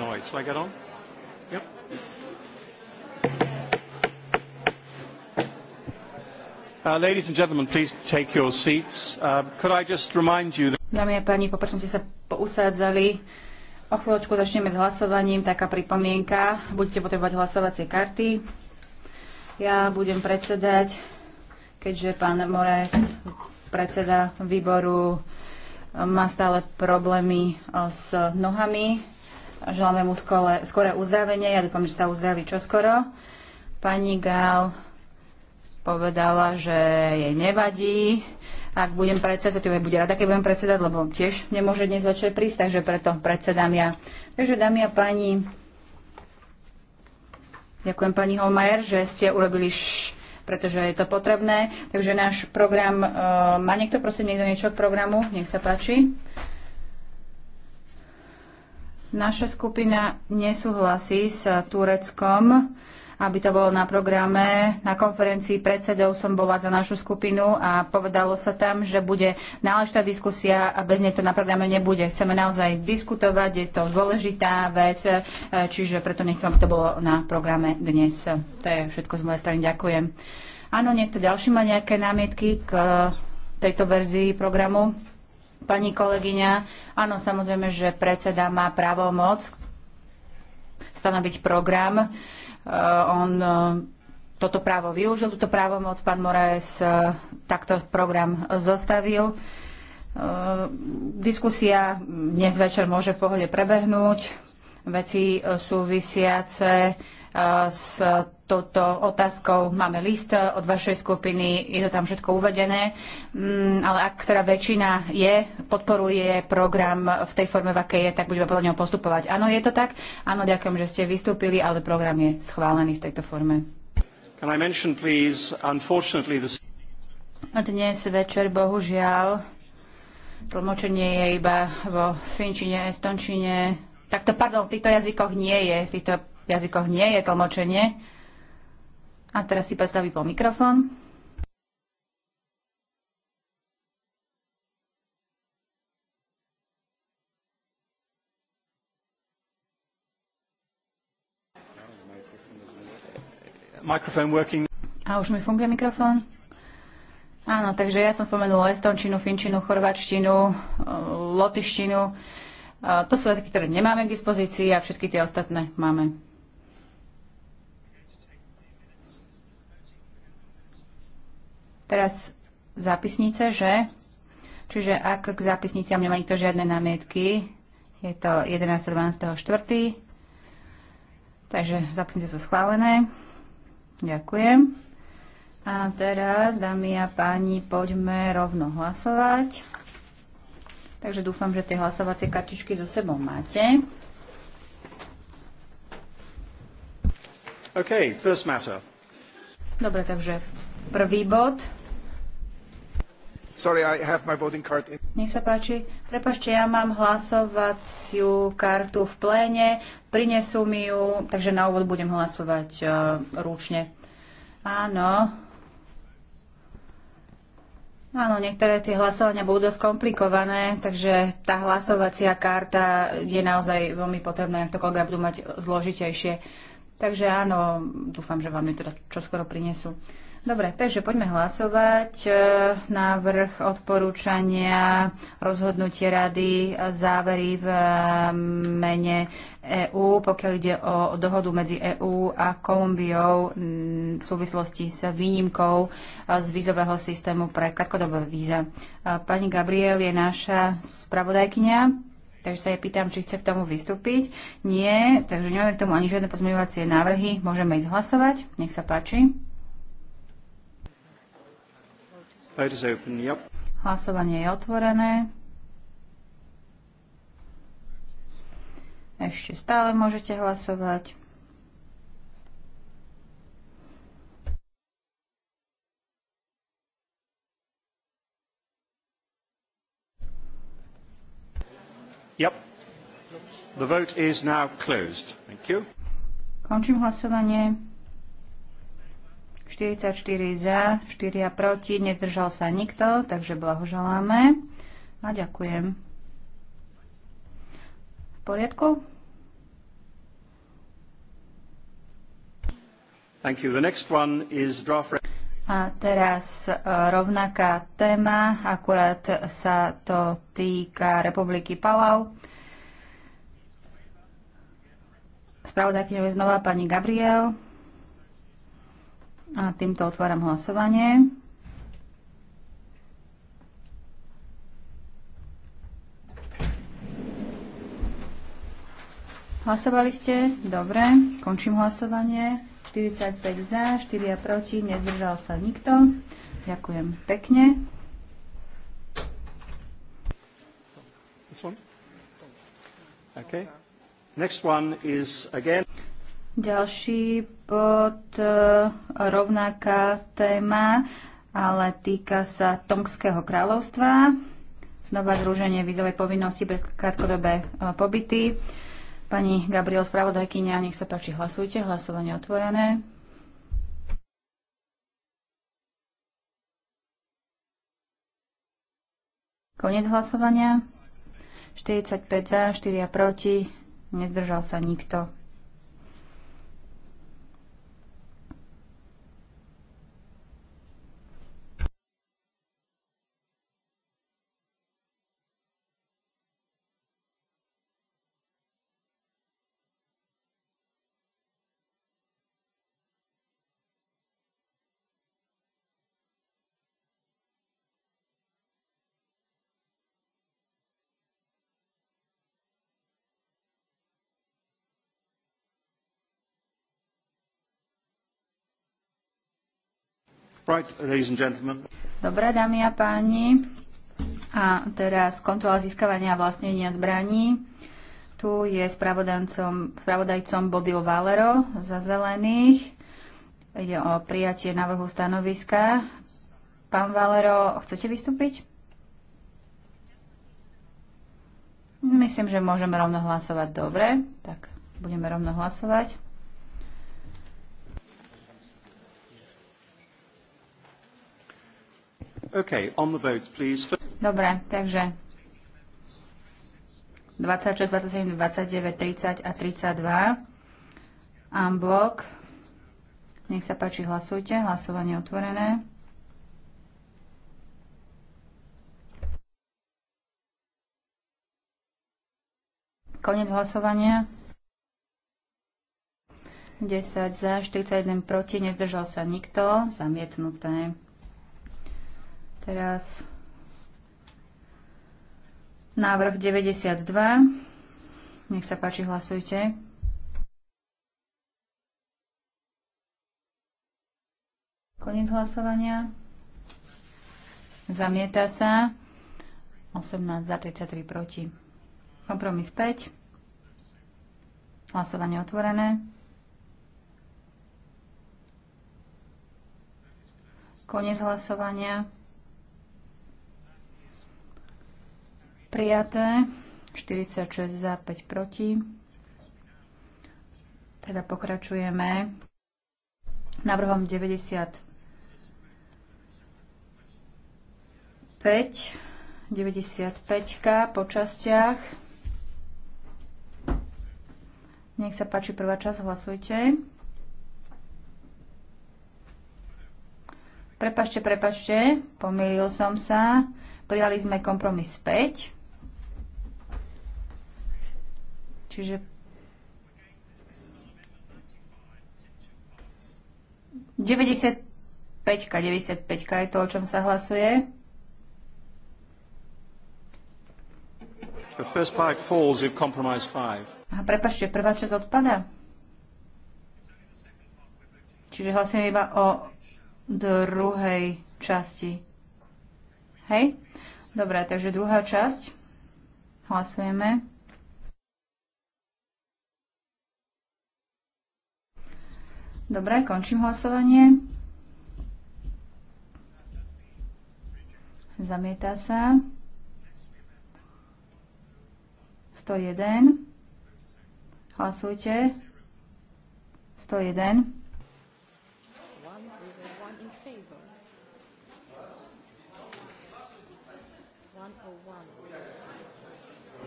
annoyed. Shall I get on? Yep. Uh, ladies and gentlemen, please take your seats. Uh, could I just remind you that... Dámy a páni, poprosím, ste sa pousádzali. O chvíľočku začneme s hlasovaním. Taká pripomienka. Budete potrebovať hlasovacie karty. Ja budem predsedať, keďže pán Moraes, predseda výboru, má stále problémy uh, s nohami. Želáme mu skore, skoré uzdravenie. Ja dúfam, že sa uzdraví čoskoro. Pani Gál povedala, že jej nevadí. Ak budem predsedať, to bude rada, keď budem predsedať, lebo tiež nemôže dnes večer prísť, takže preto predsedám ja. Takže dámy a páni, ďakujem pani Holmajer, že ste urobili š- pretože je to potrebné. Takže náš program, e, má niekto prosím niekto niečo k programu? Nech sa páči. Naša skupina nesúhlasí s Tureckom, aby to bolo na programe. Na konferencii predsedov som bola za našu skupinu a povedalo sa tam, že bude náležitá diskusia a bez nej to na programe nebude. Chceme naozaj diskutovať, je to dôležitá vec, e, čiže preto nechcem, aby to bolo na programe dnes. To je všetko z mojej strany. Ďakujem. Áno, niekto ďalší má nejaké námietky k e, tejto verzii programu? pani kolegyňa. Áno, samozrejme, že predseda má právomoc stanoviť program. E, on e, toto právo využil, túto právomoc. Pán Moraes e, takto program zostavil. Diskusia dnes večer môže v pohode prebehnúť. Veci súvisiace s touto otázkou. Máme list eh, od vašej skupiny, je to tam všetko uvedené, mm, ale ak teda väčšina je, podporuje program v tej forme, v akej je, tak budeme podľa neho postupovať. Áno, je to tak? Áno, ďakujem, že ste vystúpili, ale program je schválený v tejto forme. Mention, please, this... Dnes večer, bohužiaľ, tlmočenie je iba vo finčine, estončine. Takto, pardon, v týchto jazykoch nie je. V týchto jazykoch nie je tlmočenie. A teraz si predstaví po mikrofón. A už mi funguje mikrofón? Áno, takže ja som spomenula estončinu, finčinu, chorvačtinu, eh, lotištinu. Eh, to sú jazyky, ktoré nemáme k dispozícii a všetky tie ostatné máme. Teraz zápisnice, že? Čiže ak k zápisniciam nemá nikto žiadne námietky, je to 11. Takže zápisnice sú schválené. Ďakujem. A teraz, dámy a páni, poďme rovno hlasovať. Takže dúfam, že tie hlasovacie kartičky so sebou máte. Okay, first matter. Dobre, takže prvý bod. Sorry, I have my voting card. In... Nech sa páči. Prepašte, ja mám hlasovaciu kartu v pléne. Prinesú mi ju, takže na úvod budem hlasovať uh, ručne. Áno. Áno, niektoré tie hlasovania budú dosť komplikované, takže tá hlasovacia karta je naozaj veľmi potrebná, ak to kolega budú mať zložitejšie. Takže áno, dúfam, že vám ju teda čoskoro prinesú. Dobre, takže poďme hlasovať. E, návrh odporúčania, rozhodnutie rady, e, závery v e, mene EÚ, pokiaľ ide o dohodu medzi EÚ a Kolumbiou v súvislosti s výnimkou z vízového systému pre krátkodobé víza. Pani Gabriel je naša spravodajkynia. Takže sa jej pýtam, či chce k tomu vystúpiť. Nie, takže nemáme k tomu ani žiadne pozmeňovacie návrhy. Môžeme ísť hlasovať. Nech sa páči. Vote is open, yep. Hlasovanie je otvorené. Ešte stále môžete hlasovať. Yep. The vote is now closed. Thank you. Končím hlasovanie. 44 za, 4 proti, nezdržal sa nikto, takže blahoželáme a ďakujem. V poriadku? Thank you. The next one is draft... A teraz e, rovnaká téma, akurát sa to týka Republiky Palau. Spravodajkyňou je znova pani Gabriel. A týmto otváram hlasovanie. Hlasovali ste? Dobre. Končím hlasovanie. 45 za, 4 proti, nezdržal sa nikto. Ďakujem pekne. Okay. Next one is again. Ďalší pod e, rovnaká téma, ale týka sa Tongského kráľovstva. Znova zruženie vízovej povinnosti pre krátkodobé e, pobyty. Pani Gabriel, spravodajkynia, nech sa páči, hlasujte. Hlasovanie otvorené. Konec hlasovania. 45 za, 4 proti. Nezdržal sa nikto. Right, Dobre, dámy a páni. A teraz kontrola získavania a vlastnenia zbraní. Tu je spravodajcom, spravodajcom Bodil Valero za zelených. Ide o prijatie návrhu stanoviska. Pán Valero, chcete vystúpiť? Myslím, že môžeme rovno hlasovať. Dobre, tak budeme rovno hlasovať. Okay, on the vote, please. Dobre, takže 26, 27, 29, 30 a 32. Unblock. Nech sa páči, hlasujte. Hlasovanie otvorené. Konec hlasovania. 10 za, 41 proti, nezdržal sa nikto, zamietnuté. Teraz návrh 92. Nech sa páči, hlasujte. Koniec hlasovania. Zamieta sa. 18 za 33 proti. Kompromis 5. Hlasovanie otvorené. Koniec hlasovania. Prijaté. 46 za, 5 proti. Teda pokračujeme návrhom 95, 95 po častiach. Nech sa páči prvá časť, hlasujte. Prepašte, prepašte, pomýlil som sa. Prijali sme kompromis 5. Čiže Deväťdesiat 95 je to, o čom sa hlasuje. The first part falls if compromise five. Aha, prepáčte, prvá časť odpada. Čiže hlasujeme iba o druhej časti. Hej? Dobre, takže druhá časť. Hlasujeme. Hlasujeme. Dobre, končím hlasovanie. Zamieta sa. 101. Hlasujte. 101.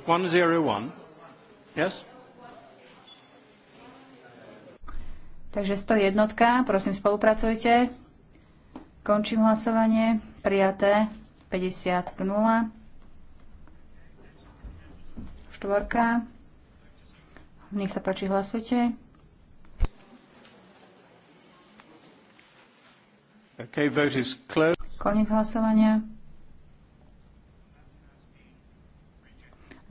One zero one. Yes. Takže 101, prosím spolupracujte. Končím hlasovanie. Prijaté 50 k 0. Štvorka. Nech sa páči, hlasujte. Okay, vote is closed. Koniec hlasovania.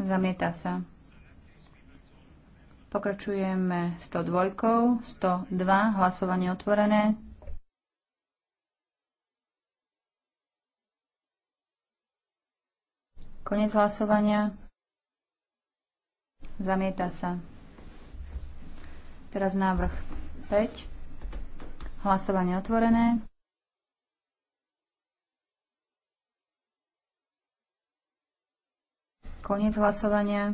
Zamieta sa. Pokračujeme 102, 102, hlasovanie otvorené. Konec hlasovania. Zamieta sa. Teraz návrh 5. Hlasovanie otvorené. Koniec hlasovania.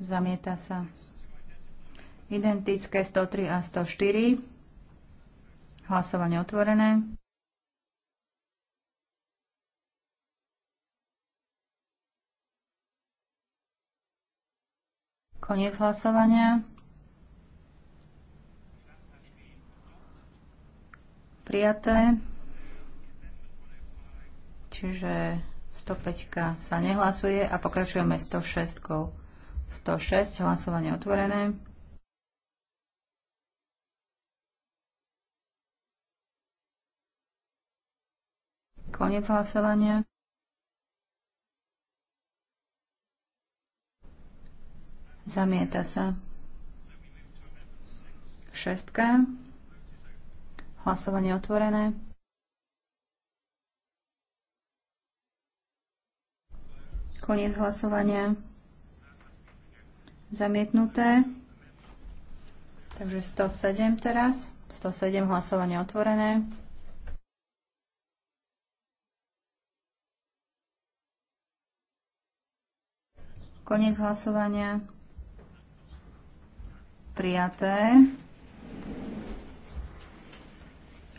Zamieta sa. Identické 103 a 104. Hlasovanie otvorené. Koniec hlasovania. Prijaté. Čiže 105 sa nehlasuje a pokračujeme 106. -kou. 106, hlasovanie otvorené. Koniec hlasovania. Zamieta sa. Šestka. Hlasovanie otvorené. Koniec hlasovania zamietnuté. Takže 107 teraz. 107 hlasovanie otvorené. Koniec hlasovania. Prijaté.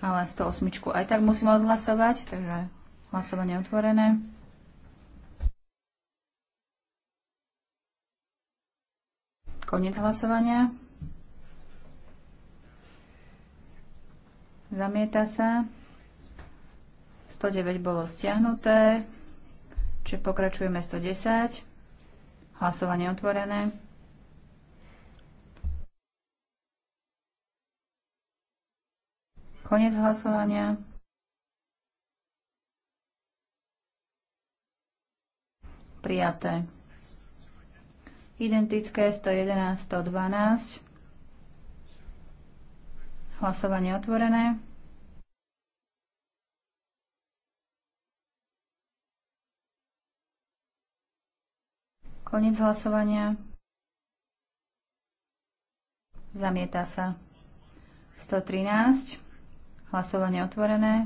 Ale 108 aj tak musím odhlasovať, takže hlasovanie otvorené. Koniec hlasovania. Zamieta sa. 109 bolo stiahnuté. Čiže pokračujeme 110. Hlasovanie otvorené. Koniec hlasovania. Prijaté. Identické 111, 112. Hlasovanie otvorené. Koniec hlasovania. Zamieta sa. 113. Hlasovanie otvorené.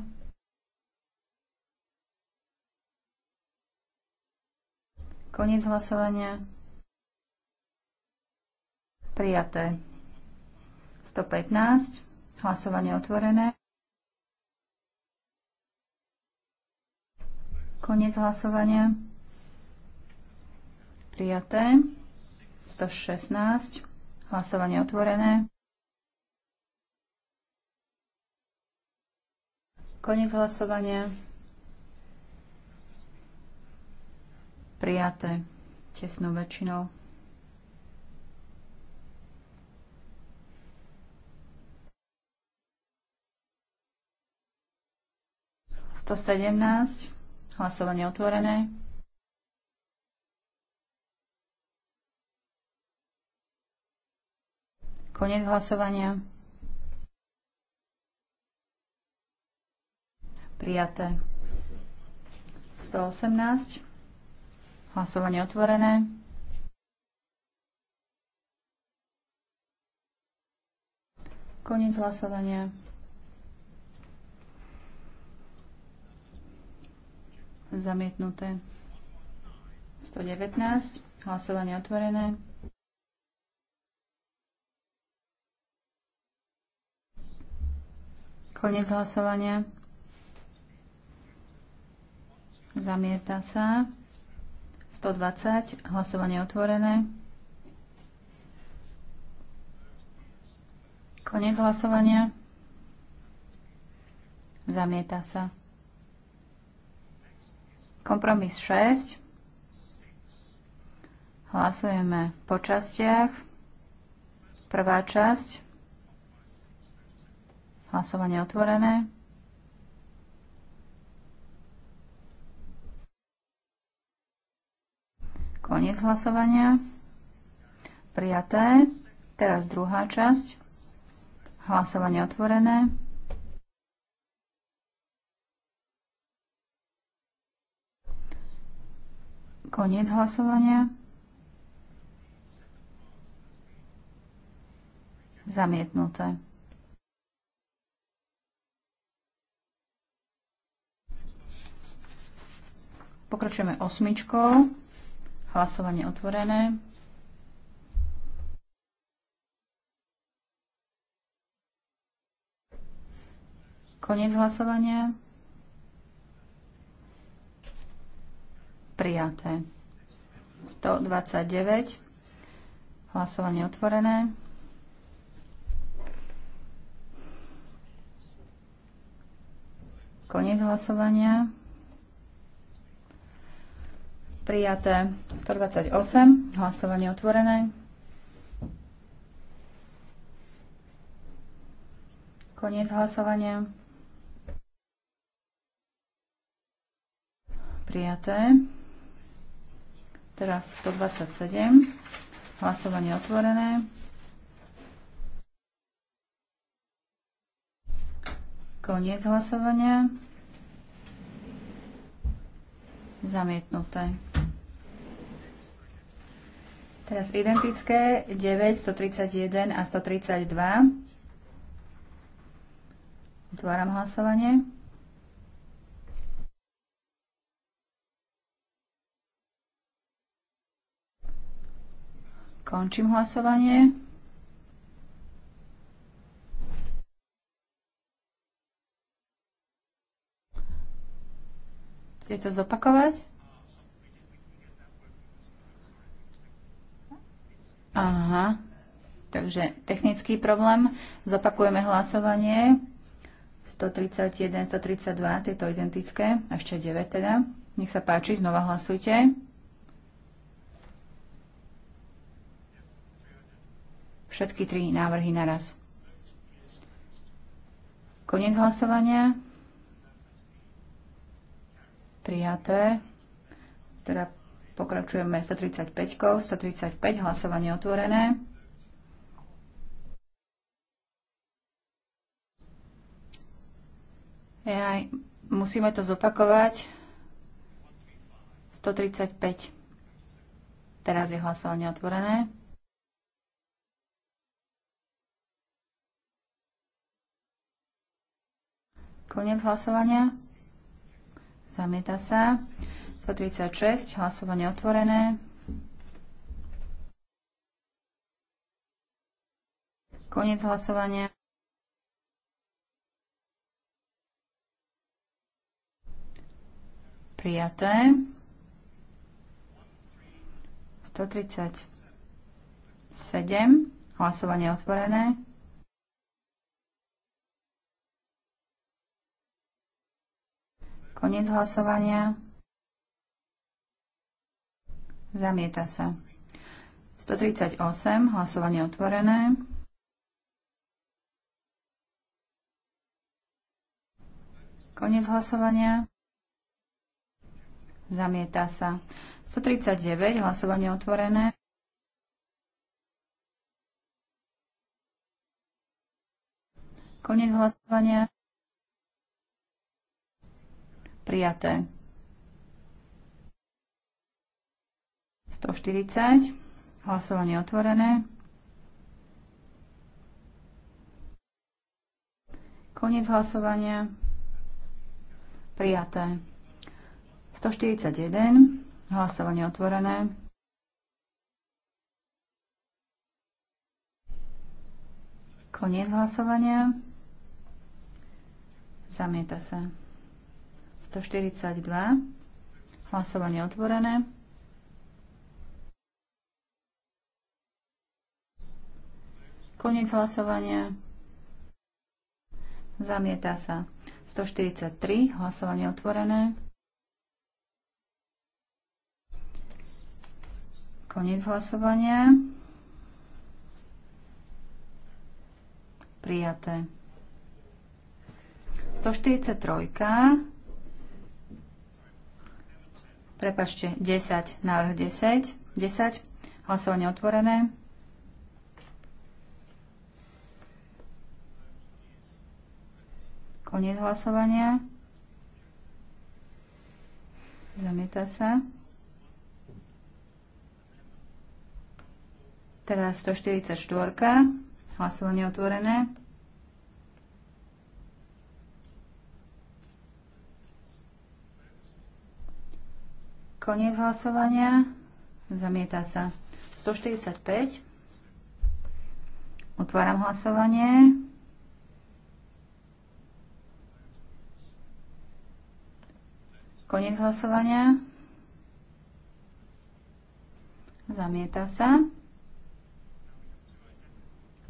Koniec hlasovania. Prijaté. 115. Hlasovanie otvorené. Koniec hlasovania. Prijaté. 116. Hlasovanie otvorené. Koniec hlasovania. Prijaté tesnou väčšinou. 117. Hlasovanie otvorené. Konec hlasovania. Prijaté. 118. Hlasovanie otvorené. Konec hlasovania. Zamietnuté. 119. Hlasovanie otvorené. Konec hlasovania. Zamieta sa. 120. Hlasovanie otvorené. Konec hlasovania. Zamieta sa. Kompromis 6. Hlasujeme po častiach. Prvá časť. Hlasovanie otvorené. Koniec hlasovania. Prijaté. Teraz druhá časť. Hlasovanie otvorené. Koniec hlasovania. Zamietnuté. Pokračujeme osmičkou. Hlasovanie otvorené. Koniec hlasovania. prijaté. 129. Hlasovanie otvorené. Koniec hlasovania. Prijaté 128. Hlasovanie otvorené. Koniec hlasovania. Prijaté. Teraz 127. Hlasovanie otvorené. Koniec hlasovania. Zamietnuté. Teraz identické 9, 131 a 132. Otváram hlasovanie. Končím hlasovanie. Chcete to zopakovať? Aha, takže technický problém. Zopakujeme hlasovanie. 131, 132, tieto identické, ešte 9 teda. Nech sa páči, znova hlasujte. všetky tri návrhy naraz. Koniec hlasovania. Prijaté. Teda pokračujeme 135. 135 hlasovanie otvorené. Jaj, musíme to zopakovať. 135. Teraz je hlasovanie otvorené. Koniec hlasovania. Zamieta sa. 136. Hlasovanie otvorené. Koniec hlasovania. Prijaté. 137. Hlasovanie otvorené. Koniec hlasovania. Zamieta sa. 138, hlasovanie otvorené. Koniec hlasovania. Zamieta sa. 139, hlasovanie otvorené. Koniec hlasovania. Prijaté. 140. Hlasovanie otvorené. Koniec hlasovania. Prijaté. 141. Hlasovanie otvorené. Koniec hlasovania. Zamieta sa. 142. Hlasovanie otvorené. Koniec hlasovania. Zamieta sa. 143. Hlasovanie otvorené. Koniec hlasovania. Prijaté. 143 prepašte, 10, návrh 10, 10, hlasovanie otvorené. Koniec hlasovania. Zamieta sa. Teraz 144. Hlasovanie otvorené. Koniec hlasovania. Zamieta sa. 145. Otváram hlasovanie. Koniec hlasovania. Zamieta sa.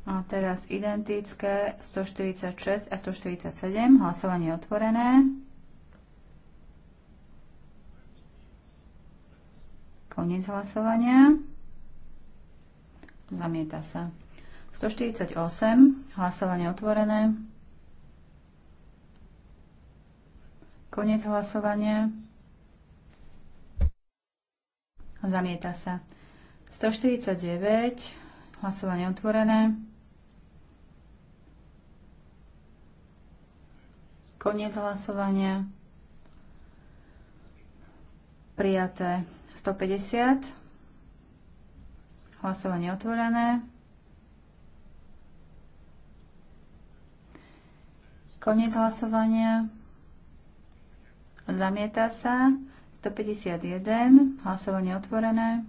A teraz identické 146 a 147. Hlasovanie otvorené. Koniec hlasovania. Zamieta sa. 148. Hlasovanie otvorené. Koniec hlasovania. Zamieta sa. 149. Hlasovanie otvorené. Koniec hlasovania. Prijaté. 150. Hlasovanie otvorené. Koniec hlasovania. Zamieta sa. 151. Hlasovanie otvorené.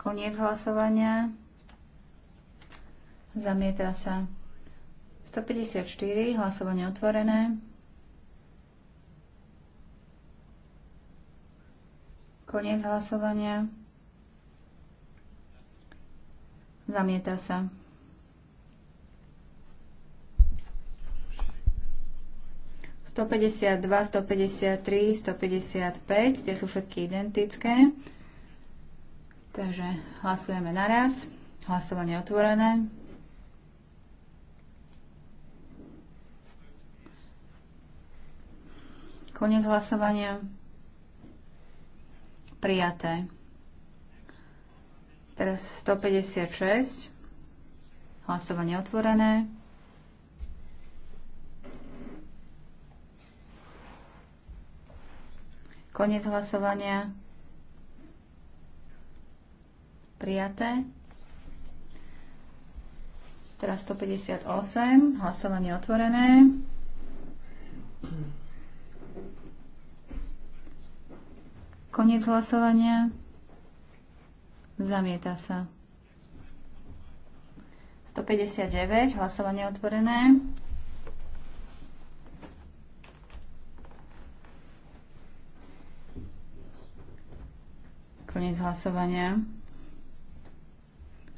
Koniec hlasovania. Zamieta sa. 154. Hlasovanie otvorené. Koniec hlasovania. Zamieta sa. Sto päťdesiat dva, sto päťdesiat tri, sto päťdesiat päť, tie sú všetky identické. Takže hlasujeme naraz. Hlasovanie otvorené. Koniec hlasovania prijaté. Teraz 156. Hlasovanie otvorené. Koniec hlasovania. Prijaté. Teraz 158. Hlasovanie otvorené. Koniec hlasovania. Zamieta sa. 159, hlasovanie otvorené. Koniec hlasovania.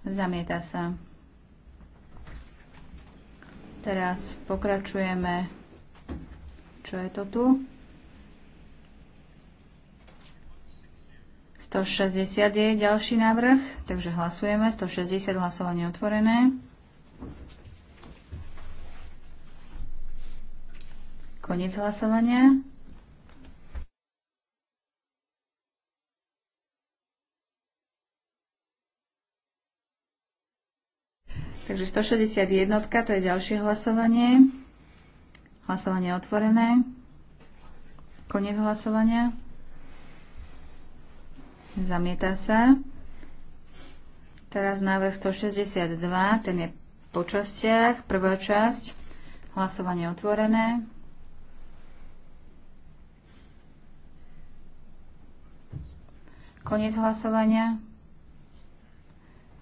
Zamieta sa. Teraz pokračujeme. Čo je to tu? 160 je ďalší návrh, takže hlasujeme. 160 hlasovanie otvorené. Koniec hlasovania. Takže 161, to je ďalšie hlasovanie. Hlasovanie otvorené. Koniec hlasovania. Zamieta sa. Teraz návrh 162, ten je po častiach. Prvá časť, hlasovanie otvorené. Koniec hlasovania.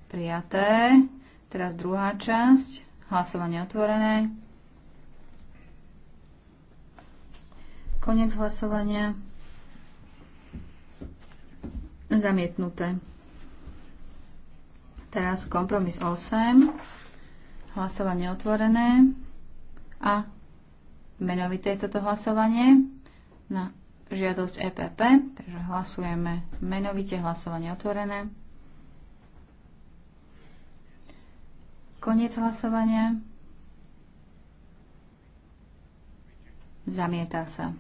Prijaté. Teraz druhá časť, hlasovanie otvorené. Koniec hlasovania. Zamietnuté. Teraz kompromis 8. Hlasovanie otvorené. A menovité je toto hlasovanie na žiadosť EPP. Takže hlasujeme menovite hlasovanie otvorené. Koniec hlasovania. Zamieta sa.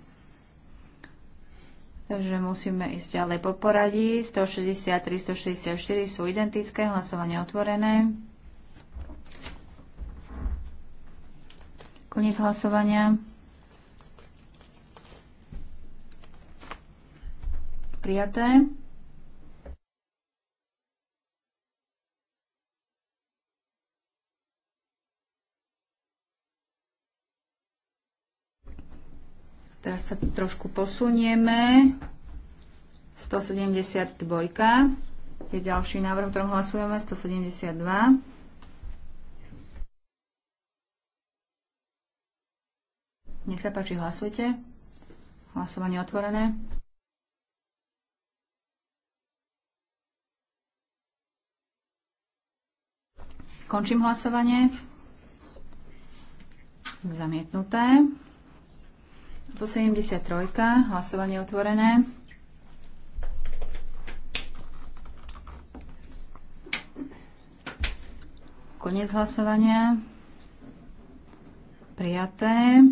Takže musíme ísť ďalej po poradí. 163, 164 sú identické, hlasovanie otvorené. Koniec hlasovania. Prijaté. Teraz sa trošku posunieme. 172 je ďalší návrh, o ktorom hlasujeme. 172. Nech sa páči, hlasujte. Hlasovanie otvorené. Končím hlasovanie. Zamietnuté. 173. Hlasovanie otvorené. Koniec hlasovania. Prijaté.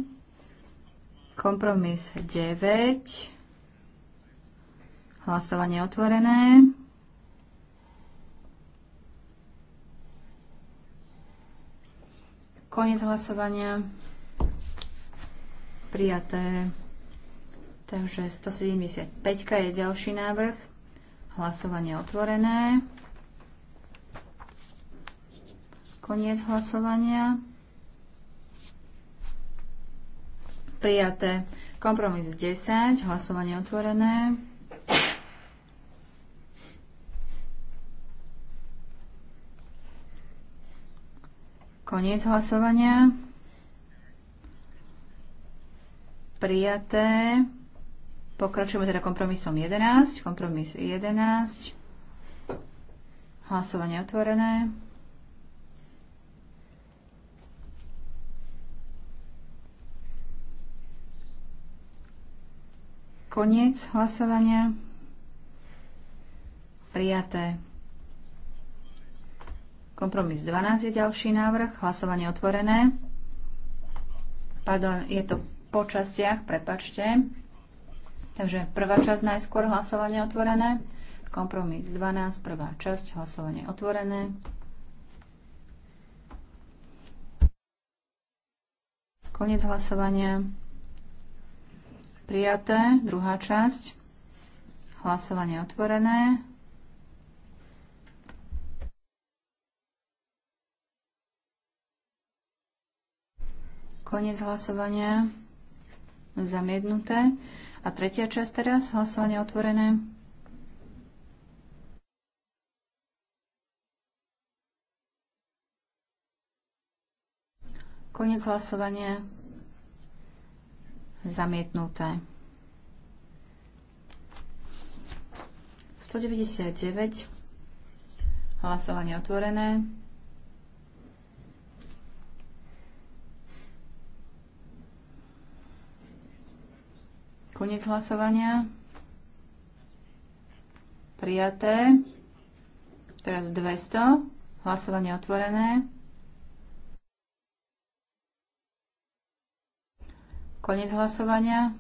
Kompromis 9. Hlasovanie otvorené. Koniec hlasovania. Prijaté. Takže 175 je ďalší návrh. Hlasovanie otvorené. Koniec hlasovania. Prijaté. Kompromis 10. Hlasovanie otvorené. Koniec hlasovania. Prijaté. Pokračujeme teda kompromisom 11. Kompromis 11. Hlasovanie otvorené. Koniec hlasovania. Prijaté. Kompromis 12 je ďalší návrh. Hlasovanie otvorené. Pardon, je to po častiach, prepačte. Takže prvá časť najskôr hlasovanie otvorené. Kompromis 12, prvá časť, hlasovanie otvorené. Koniec hlasovania. Prijaté, druhá časť. Hlasovanie otvorené. Koniec hlasovania zamietnuté. A tretia časť teraz, hlasovanie otvorené. Konec hlasovania zamietnuté. 199. Hlasovanie otvorené. Konec hlasovania. Prijaté. Teraz 200. Hlasovanie otvorené. Koniec hlasovania.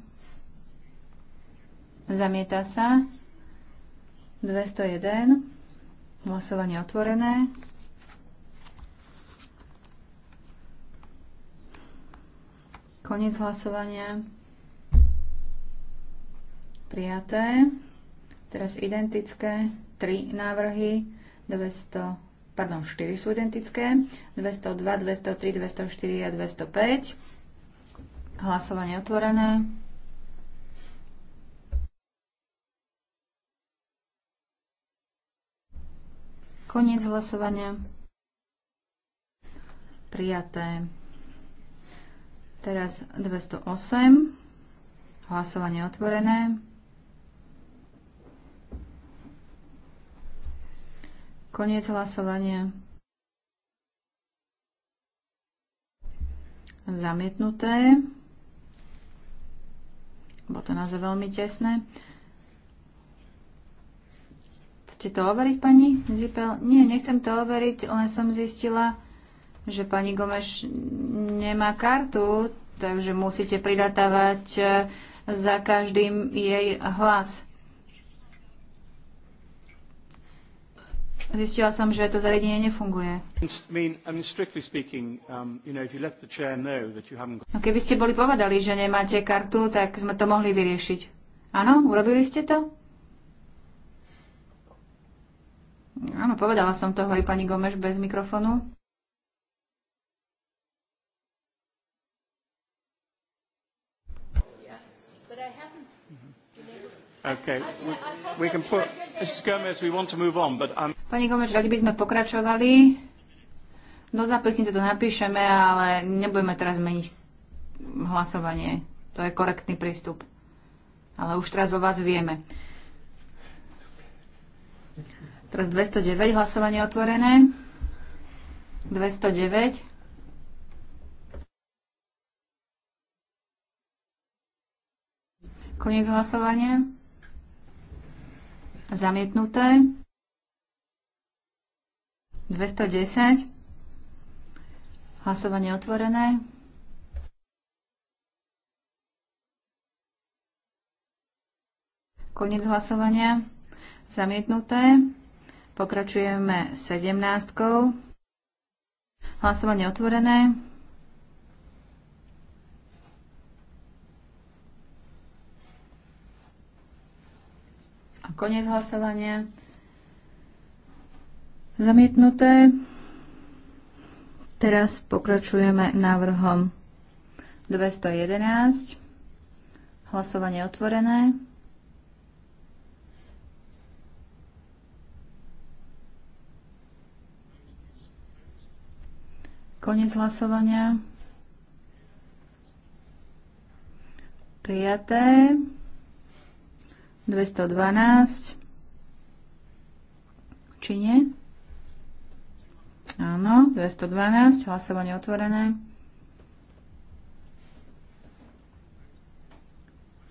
Zamieta sa. 201. Hlasovanie otvorené. Koniec hlasovania prijaté. Teraz identické tri návrhy, 200, pardon, 4 sú identické, 202, 203, 204 a 205. Hlasovanie otvorené. Koniec hlasovania. Prijaté. Teraz 208. Hlasovanie otvorené. Koniec hlasovania. Zamietnuté. Bolo to naozaj veľmi tesné. Chcete to overiť, pani Zipel? Nie, nechcem to overiť, len som zistila, že pani Gomeš nemá kartu, takže musíte pridatávať eh, za každým jej hlas. Zistila som, že to zariadenie nefunguje. Um, no keby ste boli povedali, že nemáte kartu, tak sme to mohli vyriešiť. Áno, urobili ste to? Áno, povedala som to, hovorí pani Gomeš bez mikrofonu. Pani Gomeč, radi by sme pokračovali. Do zápisnice to napíšeme, ale nebudeme teraz meniť hlasovanie. To je korektný prístup. Ale už teraz o vás vieme. Teraz 209 hlasovanie otvorené. 209. Koniec hlasovania. Zamietnuté. 210. Hlasovanie otvorené. Koniec hlasovania. Zamietnuté. Pokračujeme 17. Hlasovanie otvorené. A koniec hlasovania. Zamietnuté. Teraz pokračujeme návrhom 211. Hlasovanie otvorené. Koniec hlasovania. Prijaté. 212. Či nie? Áno, 212, hlasovanie otvorené.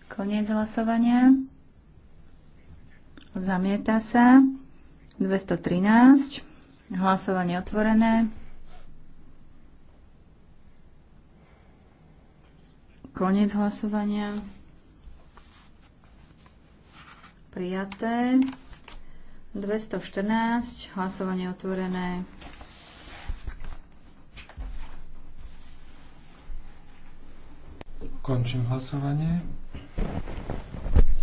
Koniec hlasovania. Zamieta sa. 213. Hlasovanie otvorené. Koniec hlasovania prijaté. 214, hlasovanie otvorené. Končím hlasovanie.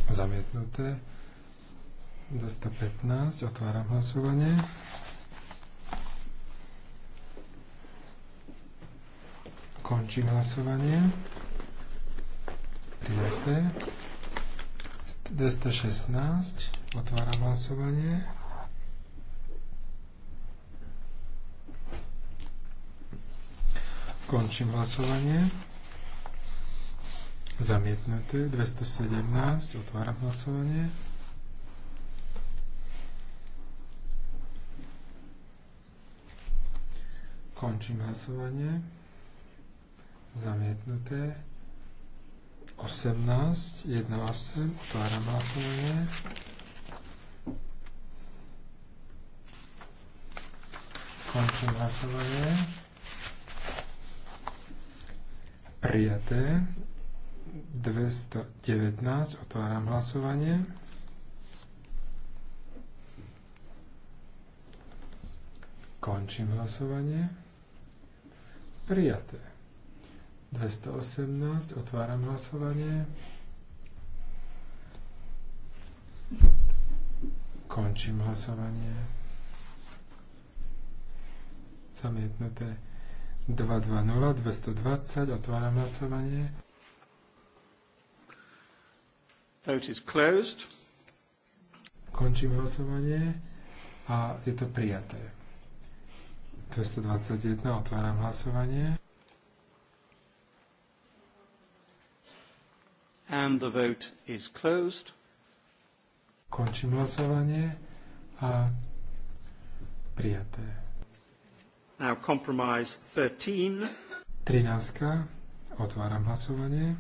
Zamietnuté. 215, otváram hlasovanie. Končím hlasovanie. Prijaté. 216. Otváram hlasovanie. Končím hlasovanie. Zamietnuté. 217. Otváram hlasovanie. Končím hlasovanie. Zamietnuté. 18, 1, 8, otváram hlasovanie. Končím hlasovanie. Prijaté. 219, otváram hlasovanie. Končím hlasovanie. Prijaté. 218. Otváram hlasovanie. Končím hlasovanie. Zamietnuté 220, 220. Otváram hlasovanie. Vote is closed. Končím hlasovanie a je to prijaté. 221. Otváram hlasovanie. And the vote is closed. Končím hlasovanie a prijaté. Now compromise 13. 13. Otváram hlasovanie.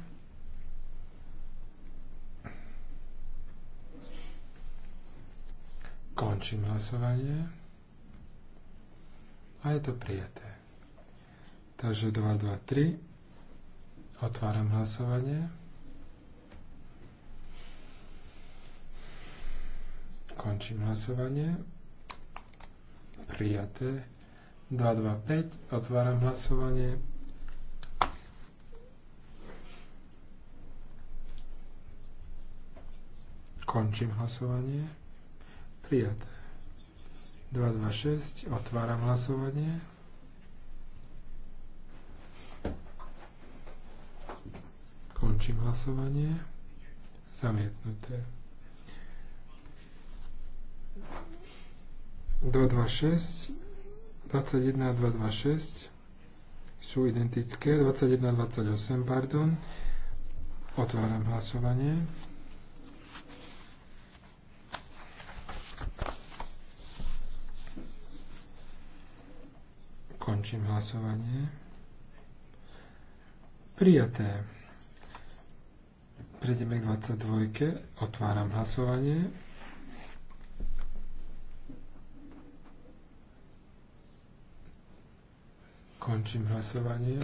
Končím hlasovanie. A je to prijaté. Takže 2, 2, 3. Otváram hlasovanie. Končím hlasovanie. Prijaté. 2, 2, 5. Otváram hlasovanie. Končím hlasovanie. Prijaté. 2, 2, 6. Otváram hlasovanie. Končím hlasovanie. Zamietnuté. 226, 21 a 226 sú identické, 21 a 28, pardon. Otváram hlasovanie. Končím hlasovanie. Prijaté. Prejdeme k 22. Otváram hlasovanie. Končím hlasovanie.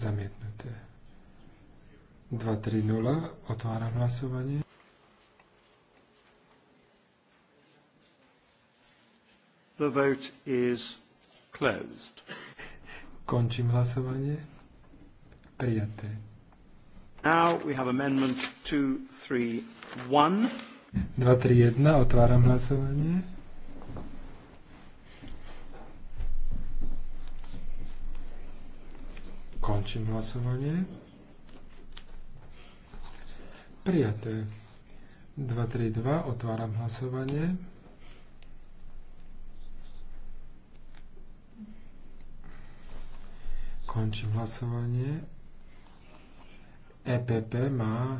Zamietnuté. 2.3.0. Otváram hlasovanie. The vote is closed. Končím hlasovanie. Prijaté. Now we have amendment 3, 1. Otváram hlasovanie. Končím hlasovanie. Prijaté. 232. Otváram hlasovanie. Končím hlasovanie. EPP má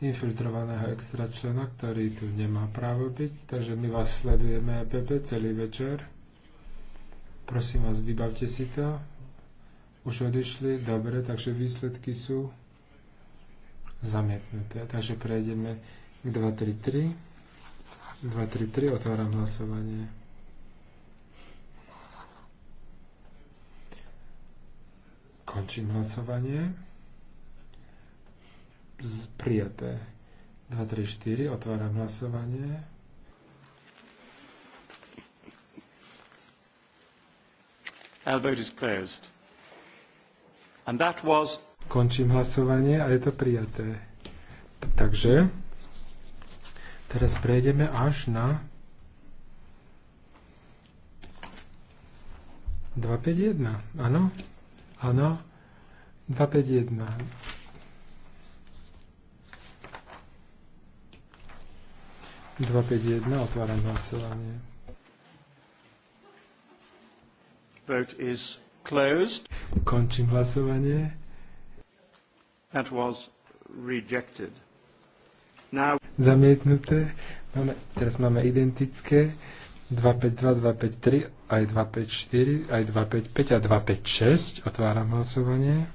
infiltrovaného extra člena, ktorý tu nemá právo byť, takže my vás sledujeme EPP celý večer. Prosím vás, vybavte si to. Už odišli? Dobre, takže výsledky sú zamietnuté. Takže prejdeme k 233. 233, otváram hlasovanie. Končím hlasovanie. Prijaté. 234, otváram hlasovanie. Our vote is closed. And that was... Končím hlasovanie a je to prijaté. Takže teraz prejdeme až na 251. Áno? Áno? 251. Dva, päť, jedna, otváram hlasovanie. Vote is Closed. Končím hlasovanie. That was rejected. Now... Zamietnuté. Máme, teraz máme identické 252, 253, aj 254, aj 255 a 256. Otváram hlasovanie.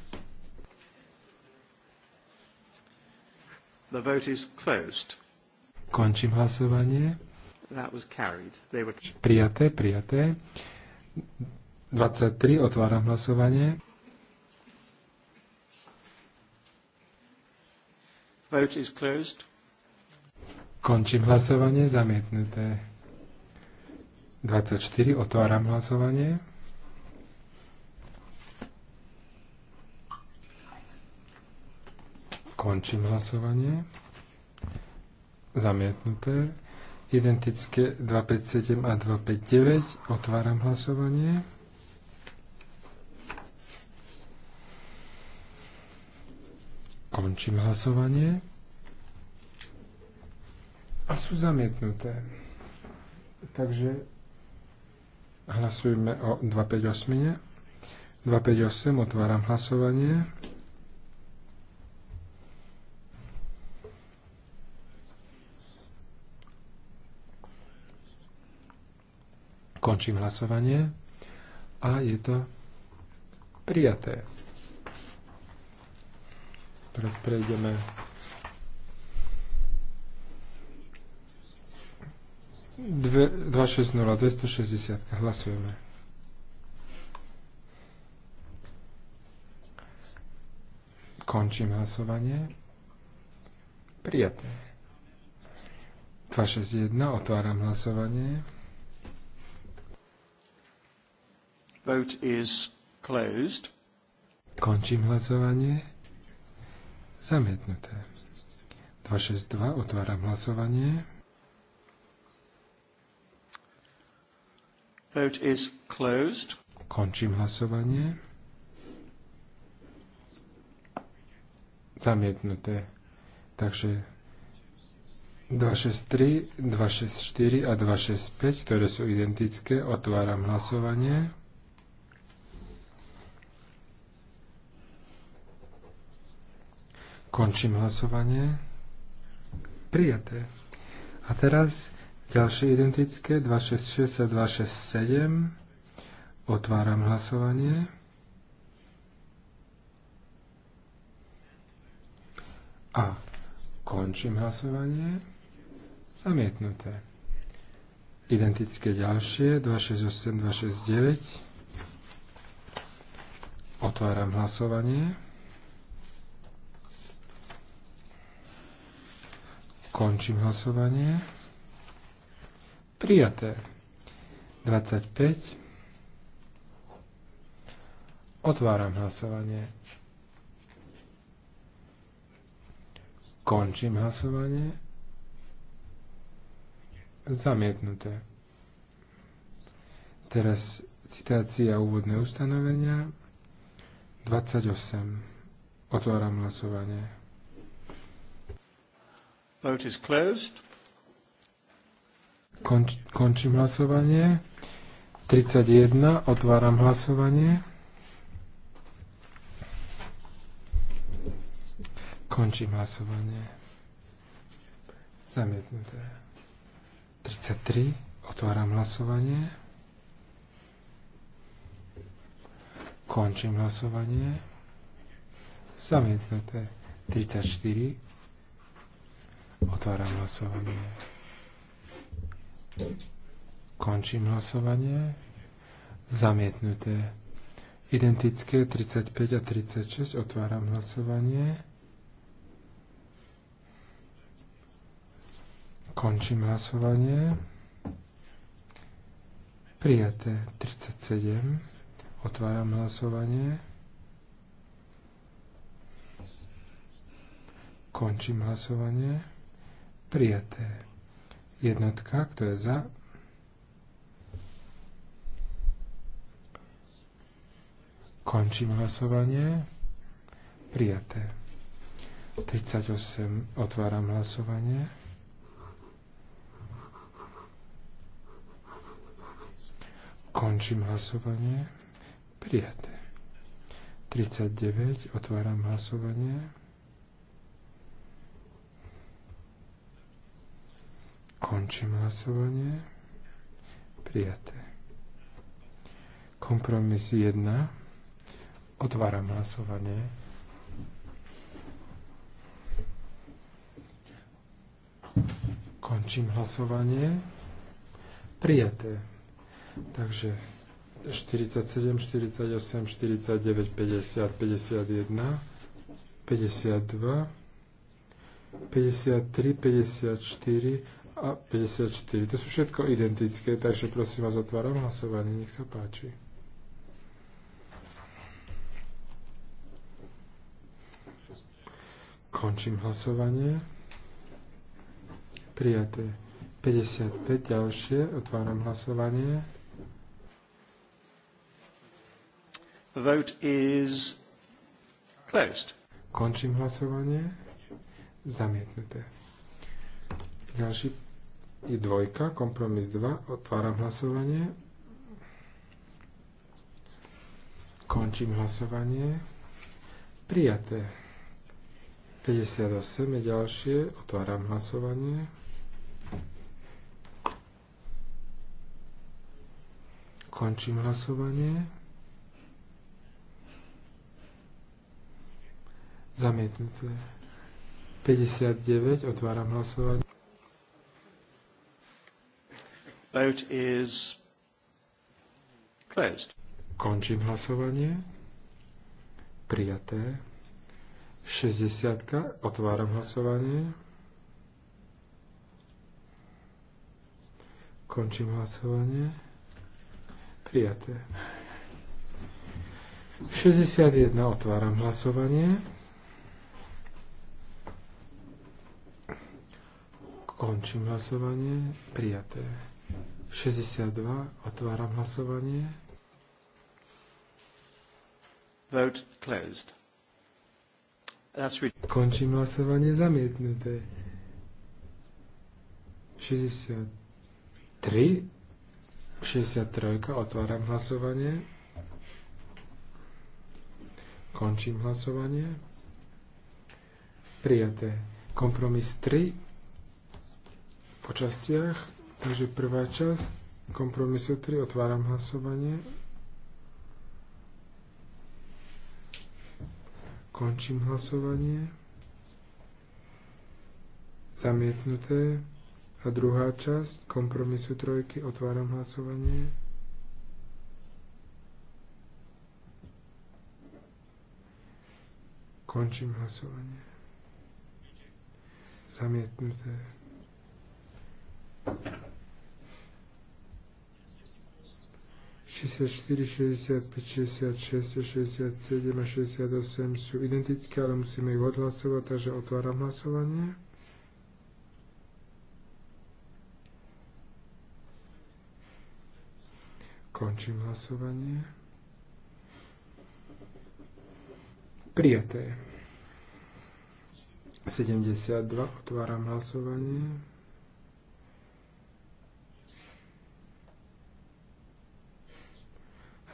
The vote is closed. Končím hlasovanie. That was carried. They were... Prijaté, prijaté. 23. Otváram hlasovanie. Vote is closed. Končím hlasovanie. Zamietnuté. 24. Otváram hlasovanie. Končím hlasovanie. Zamietnuté. Identické 257 a 259. Otváram hlasovanie. Končím hlasovanie. A sú zamietnuté. Takže hlasujeme o 258. 258, otváram hlasovanie. Končím hlasovanie a je to prijaté. Teraz prejdeme Dve, 260, 260, hlasujeme. Končím hlasovanie. Prijaté. 261, otváram hlasovanie. Vote is closed. Končím hlasovanie. Zamietnuté. 262. Otváram hlasovanie. Vote is closed. Končím hlasovanie. Zamietnuté. Takže 263, 264 a 265, ktoré sú identické, otváram hlasovanie. Končím hlasovanie. Prijaté. A teraz ďalšie identické 266 a 267. Otváram hlasovanie. A končím hlasovanie. Zamietnuté. Identické ďalšie 268, 269. Otváram hlasovanie. Končím hlasovanie. Prijaté. 25. Otváram hlasovanie. Končím hlasovanie. Zamietnuté. Teraz citácia úvodné ustanovenia. 28. Otváram hlasovanie. Vote is closed. Konč, končím hlasovanie. 31. Otváram hlasovanie. Končím hlasovanie. Zamietnuté. 33. Otváram hlasovanie. Končím hlasovanie. Zamietnuté. 34. Otváram hlasovanie. Končím hlasovanie. Zamietnuté. Identické 35 a 36. Otváram hlasovanie. Končím hlasovanie. Prijaté 37. Otváram hlasovanie. Končím hlasovanie. Prijaté. Jednotka, kto je za? Končím hlasovanie. Prijaté. 38. Otváram hlasovanie. Končím hlasovanie. Prijaté. 39. Otváram hlasovanie. Končím hlasovanie. Prijaté. Kompromis 1. Otváram hlasovanie. Končím hlasovanie. Prijaté. Takže 47, 48, 49, 50, 51, 52, 53, 54 a 54. To sú všetko identické, takže prosím vás, otváram hlasovanie, nech sa páči. Končím hlasovanie. Prijaté. 55 ďalšie. Otváram hlasovanie. vote is closed. Končím hlasovanie. Zamietnuté. Ďalší je dvojka, kompromis 2. Otváram hlasovanie. Končím hlasovanie. Prijaté. 58 je ďalšie. Otváram hlasovanie. Končím hlasovanie. Zamietnuté. 59. Otváram hlasovanie. Vote is closed. Končím hlasovanie. Prijaté. 60. Otváram hlasovanie. Končím hlasovanie. Prijaté. 61. Otváram hlasovanie. Končím hlasovanie. Prijaté. 62. Otváram hlasovanie. Vote closed. That's Končím hlasovanie zamietnuté. 63. 63. Otváram hlasovanie. Končím hlasovanie. Prijaté. Kompromis 3 po častiach Takže prvá časť kompromisu 3, otváram hlasovanie. Končím hlasovanie. Zamietnuté. A druhá časť kompromisu trojky, otváram hlasovanie. Končím hlasovanie. Zamietnuté. 64, 65, 66, 67 a 68 sú identické, ale musíme ich odhlasovať, takže otváram hlasovanie. Končím hlasovanie. Prijaté. 72. Otváram hlasovanie.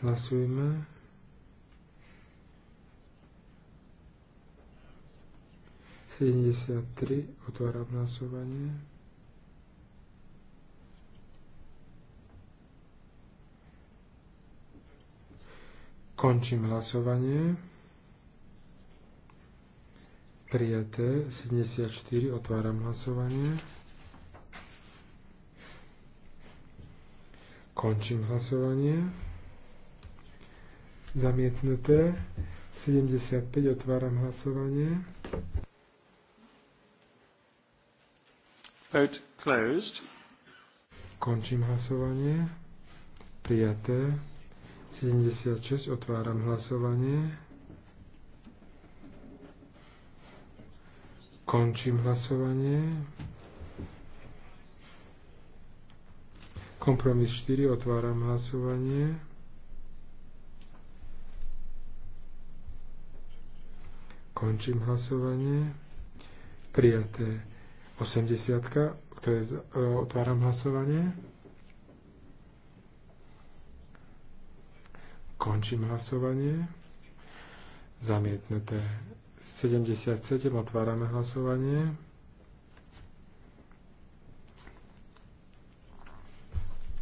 Hlasujme. Sedemdesiat tri. Otváram hlasovanie. Končím hlasovanie. Prijaté 74. Otváram hlasovanie. Končím hlasovanie. Zamietnuté. 75. Otváram hlasovanie. Vote closed. Končím hlasovanie. Prijaté. 76. Otváram hlasovanie. Končím hlasovanie. Kompromis 4. Otváram hlasovanie. Končím hlasovanie. Prijaté 80. Kto je, za? E, otváram hlasovanie. Končím hlasovanie. Zamietnuté 77. Otvárame hlasovanie.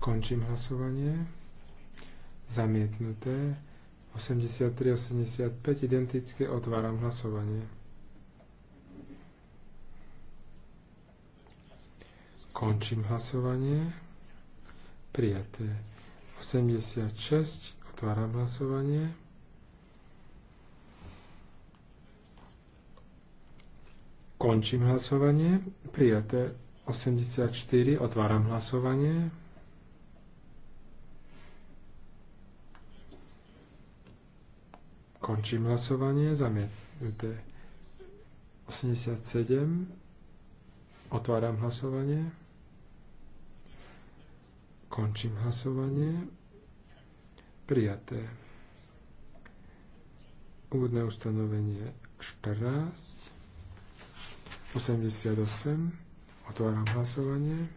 Končím hlasovanie. Zamietnuté 83-85 identické. Otváram hlasovanie. Končím hlasovanie. Prijaté. 86. Otváram hlasovanie. Končím hlasovanie. Prijaté. 84. Otváram hlasovanie. Končím hlasovanie. Zamietnuté. 87. Otváram hlasovanie. Končím hlasovanie. Prijaté. Úvodné ustanovenie 14. 88. Otváram hlasovanie.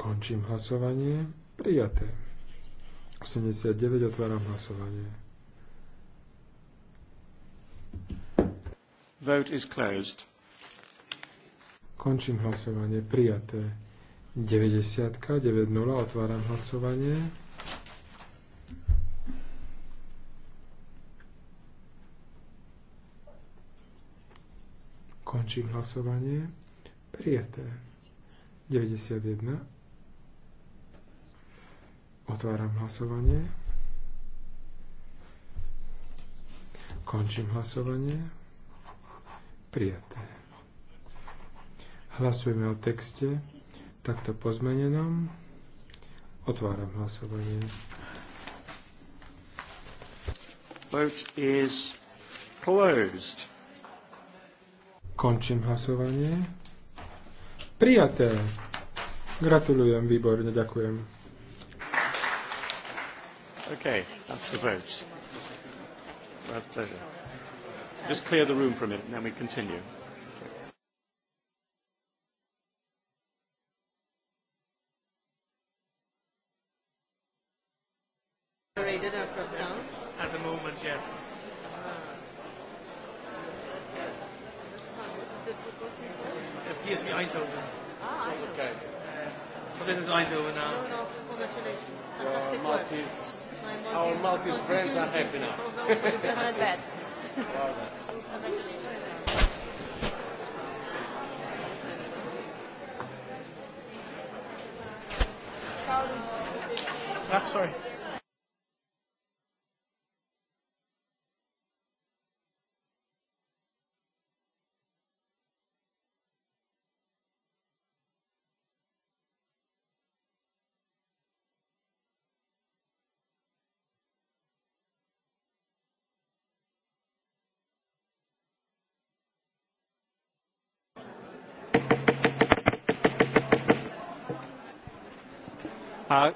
Končím hlasovanie. Prijaté. 89 otváram hlasovanie. Vote is closed. Končím hlasovanie. Prijaté. 90, 90, otváram hlasovanie. Končím hlasovanie. Prijaté. 91. Otváram hlasovanie. Končím hlasovanie. Prijaté. Hlasujeme o texte takto pozmenenom. Otváram hlasovanie. Vote is closed. Končím hlasovanie. Prijaté. Gratulujem, výborne, ďakujem. Okay, that's the votes. Just clear the room for a minute and then we continue. Uh,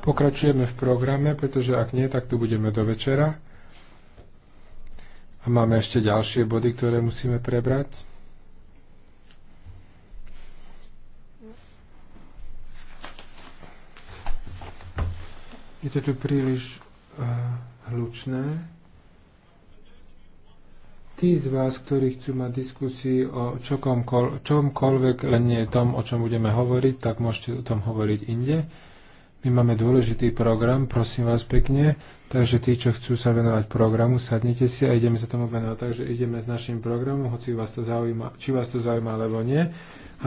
Pokračujeme v programe, pretože ak nie, tak tu budeme do večera. A máme ešte ďalšie body, ktoré musíme prebrať. Je to tu príliš uh, hlučné. Tí z vás, ktorí chcú mať diskusii o čokomkoľ, čomkoľvek, len nie tom, o čom budeme hovoriť, tak môžete o tom hovoriť inde. My máme dôležitý program, prosím vás pekne, takže tí, čo chcú sa venovať programu, sadnite si a ideme sa tomu venovať. Takže ideme s našim programom, hoci vás to zaujíma, či vás to zaujíma alebo nie.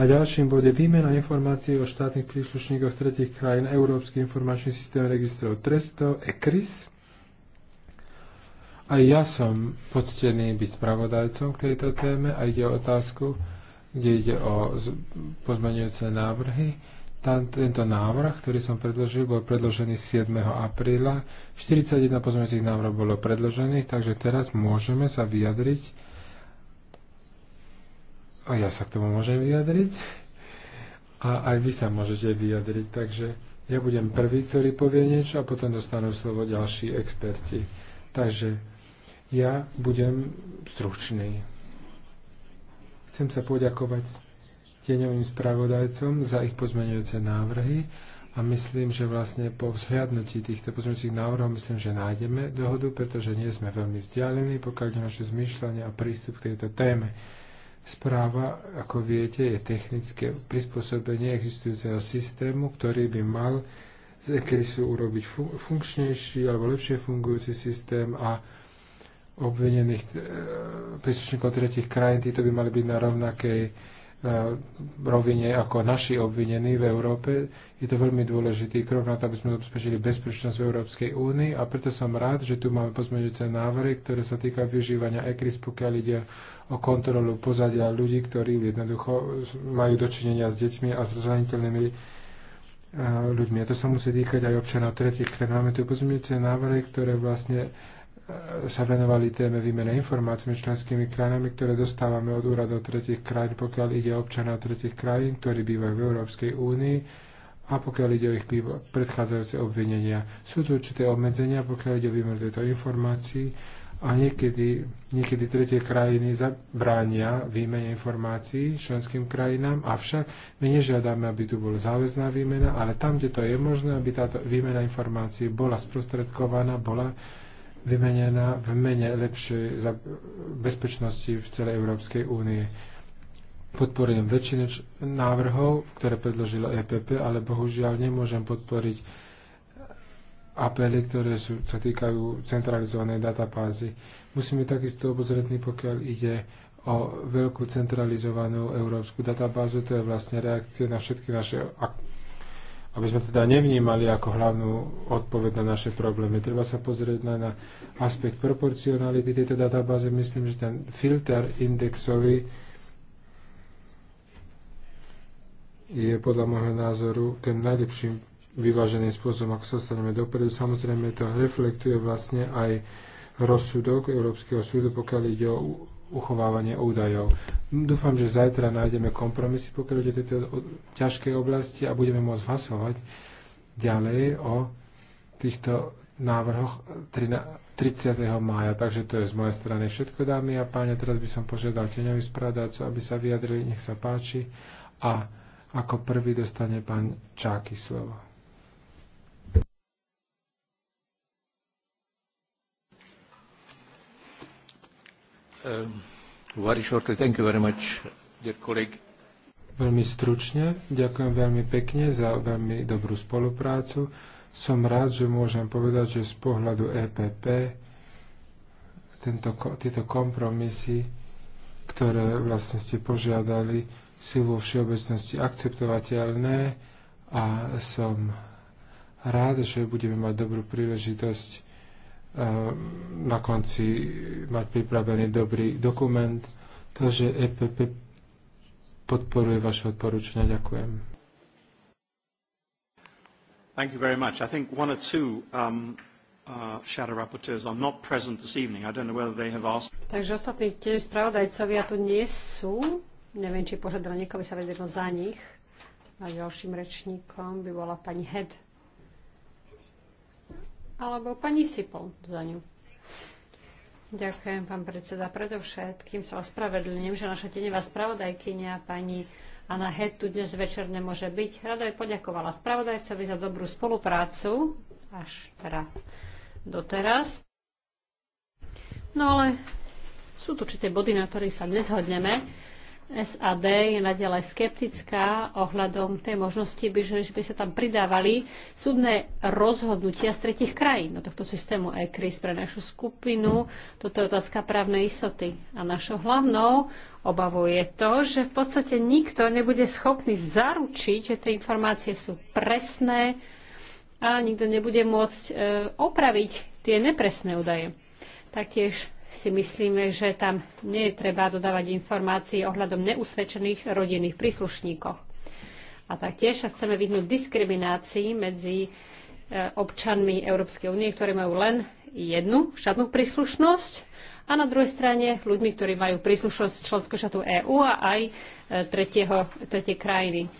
A ďalším bude výmena informácií o štátnych príslušníkoch tretich krajín Európsky informačný systém registrov trestov ECRIS. Aj ja som poctený byť spravodajcom k tejto téme a ide o otázku, kde ide o pozmeňujúce návrhy. Tam, tento návrh, ktorý som predložil, bol predložený 7. apríla. 41 pozmeňujúcich návrhov bolo predložených, takže teraz môžeme sa vyjadriť. A ja sa k tomu môžem vyjadriť. A aj vy sa môžete vyjadriť. Takže ja budem prvý, ktorý povie niečo a potom dostanú slovo ďalší experti. Takže ja budem stručný. Chcem sa poďakovať tieňovým spravodajcom za ich pozmeňujúce návrhy a myslím, že vlastne po vzhľadnutí týchto pozmeňujúcich návrhov myslím, že nájdeme dohodu, pretože nie sme veľmi vzdialení, pokiaľ je naše zmyšľanie a prístup k tejto téme. Správa, ako viete, je technické prispôsobenie existujúceho systému, ktorý by mal z ECRISu urobiť funkčnejší alebo lepšie fungujúci systém a obvinených e, príslušníkov tretich krajín, títo by mali byť na rovnakej e, rovine ako naši obvinení v Európe. Je to veľmi dôležitý krok na to, aby sme zabezpečili bezpečnosť v Európskej únii a preto som rád, že tu máme pozmeňujúce návrhy, ktoré sa týka využívania ECRIS, pokiaľ ide o kontrolu pozadia ľudí, ktorí jednoducho majú dočinenia s deťmi a s zraniteľnými e, ľuďmi. A to sa musí týkať aj občanov tretich krajín. Máme tu pozmeňujúce návrhy, ktoré vlastne sa venovali téme výmene informácií medzi členskými krajinami, ktoré dostávame od úradov tretich krajín, pokiaľ ide o občana tretich krajín, ktorí bývajú v Európskej únii a pokiaľ ide o ich predchádzajúce obvinenia. Sú tu určité obmedzenia, pokiaľ ide o výmenu tejto informácií a niekedy, niekedy tretie krajiny zabránia výmene informácií členským krajinám, avšak my nežiadame, aby tu bola záväzná výmena, ale tam, kde to je možné, aby táto výmena informácií bola sprostredkovaná, bola vymenená v mene lepšej bezpečnosti v celej Európskej únie. Podporujem väčšinu návrhov, ktoré predložilo EPP, ale bohužiaľ nemôžem podporiť apely, ktoré sú, sa týkajú centralizovanej databázy. Musíme takisto obozretní, pokiaľ ide o veľkú centralizovanú európsku databázu. To je vlastne reakcia na všetky naše aby sme teda nevnímali ako hlavnú odpoveď na naše problémy. Treba sa pozrieť na, na aspekt proporcionality tejto databáze. Myslím, že ten filter indexový je podľa môjho názoru ten najlepším vyváženým spôsobom, ako sa dostaneme dopredu. Samozrejme, to reflektuje vlastne aj rozsudok Európskeho súdu, pokiaľ ide o uchovávanie údajov. Hm, dúfam, že zajtra nájdeme kompromisy, pokiaľ ide tejto ťažkej oblasti a budeme môcť hlasovať ďalej o týchto návrhoch 30. mája. Takže to je z mojej strany všetko, dámy a páni. Teraz by som požiadal teňový spradácu, aby sa vyjadrili, nech sa páči. A ako prvý dostane pán Čáky slovo. Um, veľmi stručne, ďakujem veľmi pekne za veľmi dobrú spoluprácu. Som rád, že môžem povedať, že z pohľadu EPP tento, tieto kompromisy, ktoré vlastne ste požiadali, sú vo všeobecnosti akceptovateľné a som rád, že budeme mať dobrú príležitosť na konci mať pripravený dobrý dokument. Takže EPP podporuje vaše odporúčania. Ďakujem. Thank you very much. I think one or two um, uh, shadow rapporteurs are not present this evening. I don't know whether they have asked. Takže ostatní tie spravodajcovia tu nie sú. Neviem, či požiadal niekoho, by sa vedelo za nich. A ďalším rečníkom by bola pani Head alebo pani Sipol za ňu. Ďakujem, pán predseda. Predovšetkým sa ospravedlňujem, že naša tenevá spravodajkynia pani Anna Het tu dnes večer nemôže byť. Rada aj poďakovala spravodajcovi za dobrú spoluprácu až teda doteraz. No ale sú tu určité body, na ktorých sa nezhodneme. SAD je nadalej skeptická ohľadom tej možnosti, by, že by sa tam pridávali súdne rozhodnutia z tretich krajín do no tohto systému ECRIS pre našu skupinu. Toto je otázka právnej istoty. A našou hlavnou obavou je to, že v podstate nikto nebude schopný zaručiť, že tie informácie sú presné a nikto nebude môcť e, opraviť tie nepresné údaje. Taktiež si myslíme, že tam nie je treba dodávať informácie ohľadom neusvedčených rodinných príslušníkov. A taktiež sa chceme vyhnúť diskriminácii medzi e, občanmi Európskej únie, ktorí majú len jednu štátnu príslušnosť a na druhej strane ľuďmi, ktorí majú príslušnosť členského štátu EÚ a aj e, tretieho, tretie krajiny.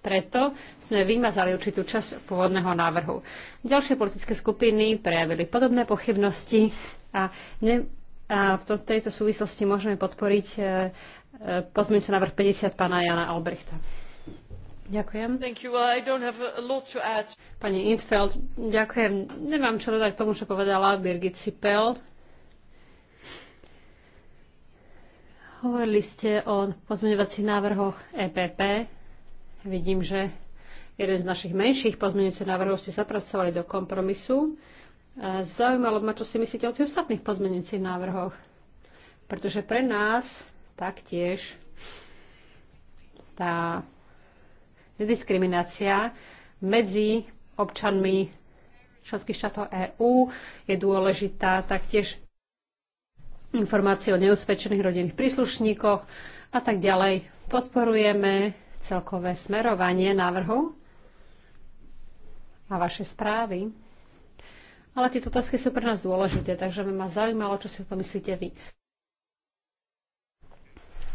Preto sme vymazali určitú časť pôvodného návrhu. Ďalšie politické skupiny prejavili podobné pochybnosti a ne, a v tejto súvislosti môžeme podporiť e, e pozmeňujúci návrh 50 pána Jana Albrechta. Ďakujem. Pani Intfeld, ďakujem. Nemám čo dodať k tomu, čo povedala Birgit Sipel. Hovorili ste o pozmeňovacích návrhoch EPP. Vidím, že jeden z našich menších pozmeňujúcich návrhov ste zapracovali do kompromisu. Zaujímalo ma, čo si myslíte o tých ostatných pozmenujúcich návrhoch. Pretože pre nás taktiež tá diskriminácia medzi občanmi členských štátov EÚ je dôležitá taktiež informácie o neusvedčených rodinných príslušníkoch a tak ďalej. Podporujeme celkové smerovanie návrhu a vaše správy ale tieto otázky sú pre nás dôležité, takže by ma zaujímalo, čo si pomyslíte vy.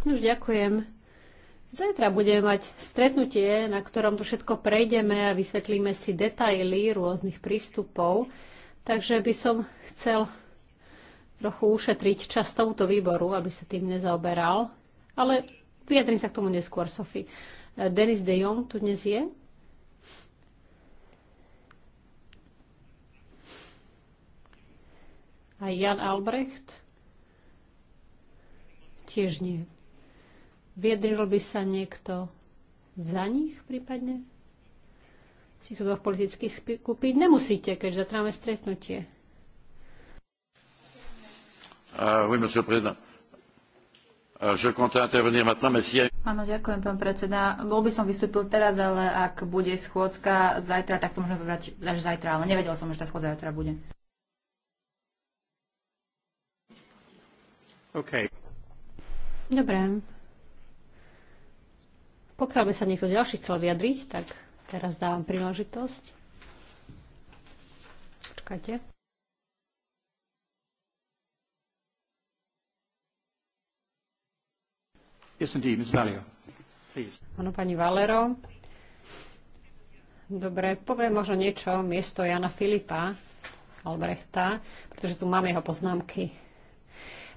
Už ďakujem. Zajtra budeme mať stretnutie, na ktorom to všetko prejdeme a vysvetlíme si detaily rôznych prístupov. Takže by som chcel trochu ušetriť čas tomuto výboru, aby sa tým nezaoberal. Ale vyjadrím sa k tomu neskôr, Sofie. Denis de Jong tu dnes je? A Jan Albrecht? Tiež nie. Viedril by sa niekto za nich prípadne? Si tu dvoch politických kúpiť? nemusíte, keď zatráme stretnutie. Uh, oui, monsieur le président. Ah, Áno, ďakujem, pán predseda. Bol by som vystúpil teraz, ale ak bude schôdzka zajtra, tak to môžeme vybrať až zajtra, ale nevedel som, že tá schôdza zajtra bude. Okay. Dobre. Pokiaľ by sa niekto ďalší chcel vyjadriť, tak teraz dávam príležitosť. Počkajte. Yes, indeed, Ms. Valio. Please. Áno, pani Valero. Dobre, poviem možno niečo miesto Jana Filipa Albrechta, pretože tu máme jeho poznámky.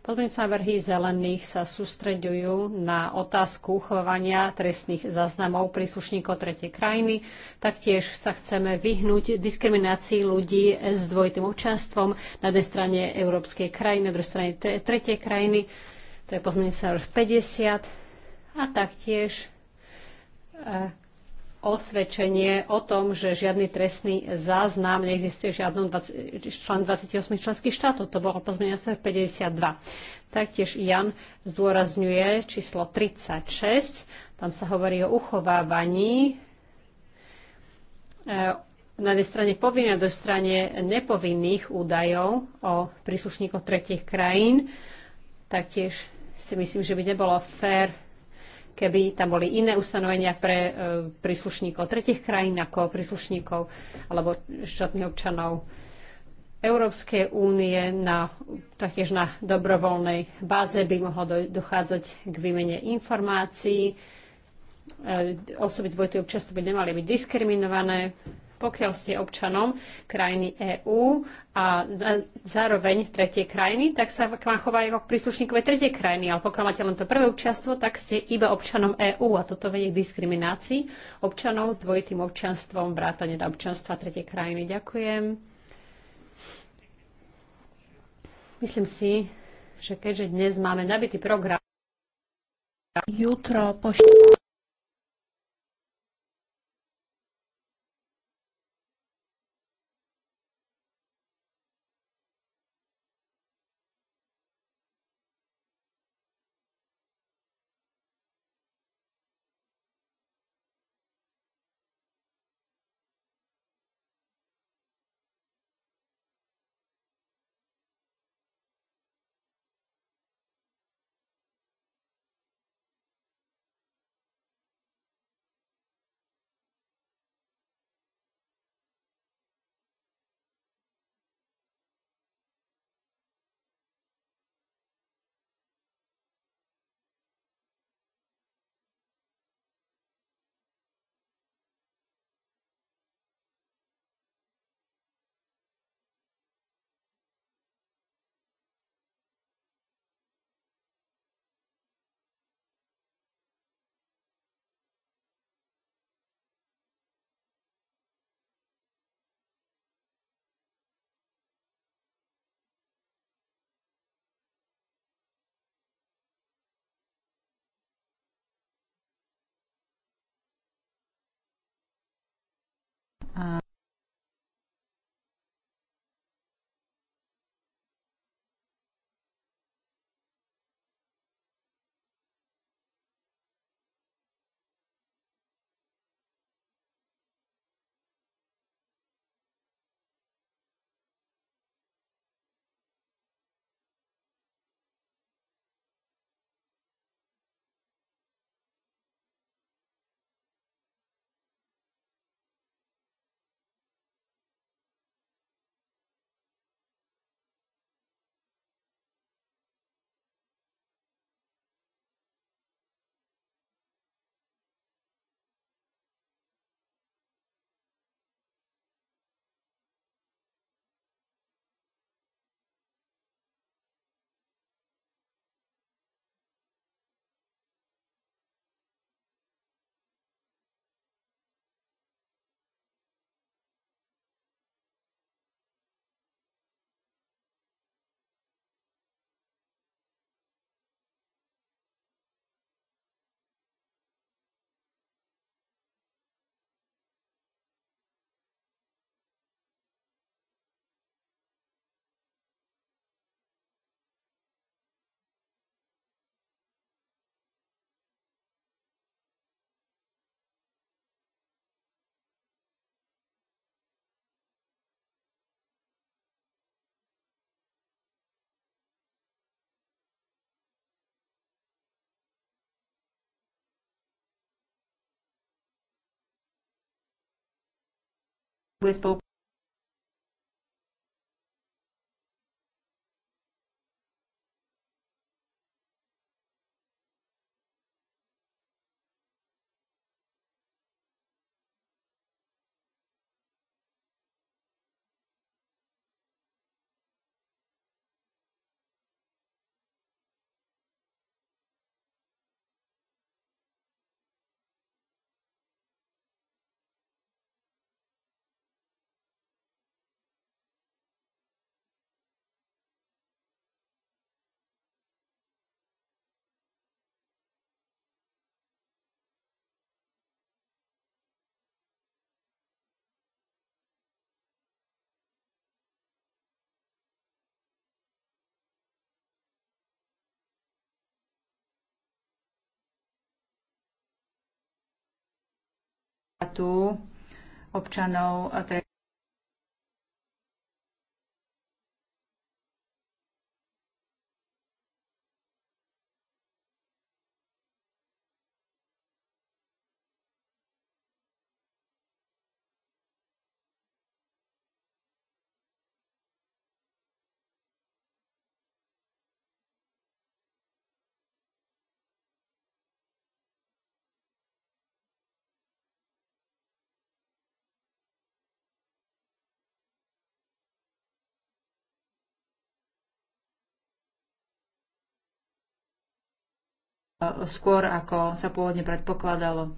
Pozmeňujúce návrhy zelených sa sústreďujú na otázku uchovania trestných záznamov príslušníkov tretej krajiny. Taktiež sa chceme vyhnúť diskriminácii ľudí s dvojitým občanstvom na jednej strane európskej krajiny, na druhej strane tretej krajiny. To je pozmeňujúci návrh 50. A taktiež e, osvedčenie o tom, že žiadny trestný záznam neexistuje v žiadnom 20, člen 28 členských štátov. To bolo pozmenia 52. Taktiež Jan zdôrazňuje číslo 36. Tam sa hovorí o uchovávaní e, na jednej strane povinných a do strane nepovinných údajov o príslušníkoch tretich krajín. Taktiež si myslím, že by nebolo fér keby tam boli iné ustanovenia pre e, príslušníkov tretich krajín ako príslušníkov alebo štátnych občanov Európskej únie na, taktiež na dobrovoľnej báze by mohlo dochádzať k výmene informácií. E, osoby dvojitej občanstva by nemali byť diskriminované pokiaľ ste občanom krajiny EÚ a zároveň tretej krajiny, tak sa k vám chovajú ako príslušníkové tretej krajiny, ale pokiaľ máte len to prvé občanstvo, tak ste iba občanom EÚ a toto vedie k diskriminácii občanov s dvojitým občanstvom, vrátane na občanstva tretej krajiny. Ďakujem. Myslím si, že keďže dnes máme nabitý program, jutro po a pues spolu štátu občanov skôr, ako sa pôvodne predpokladalo.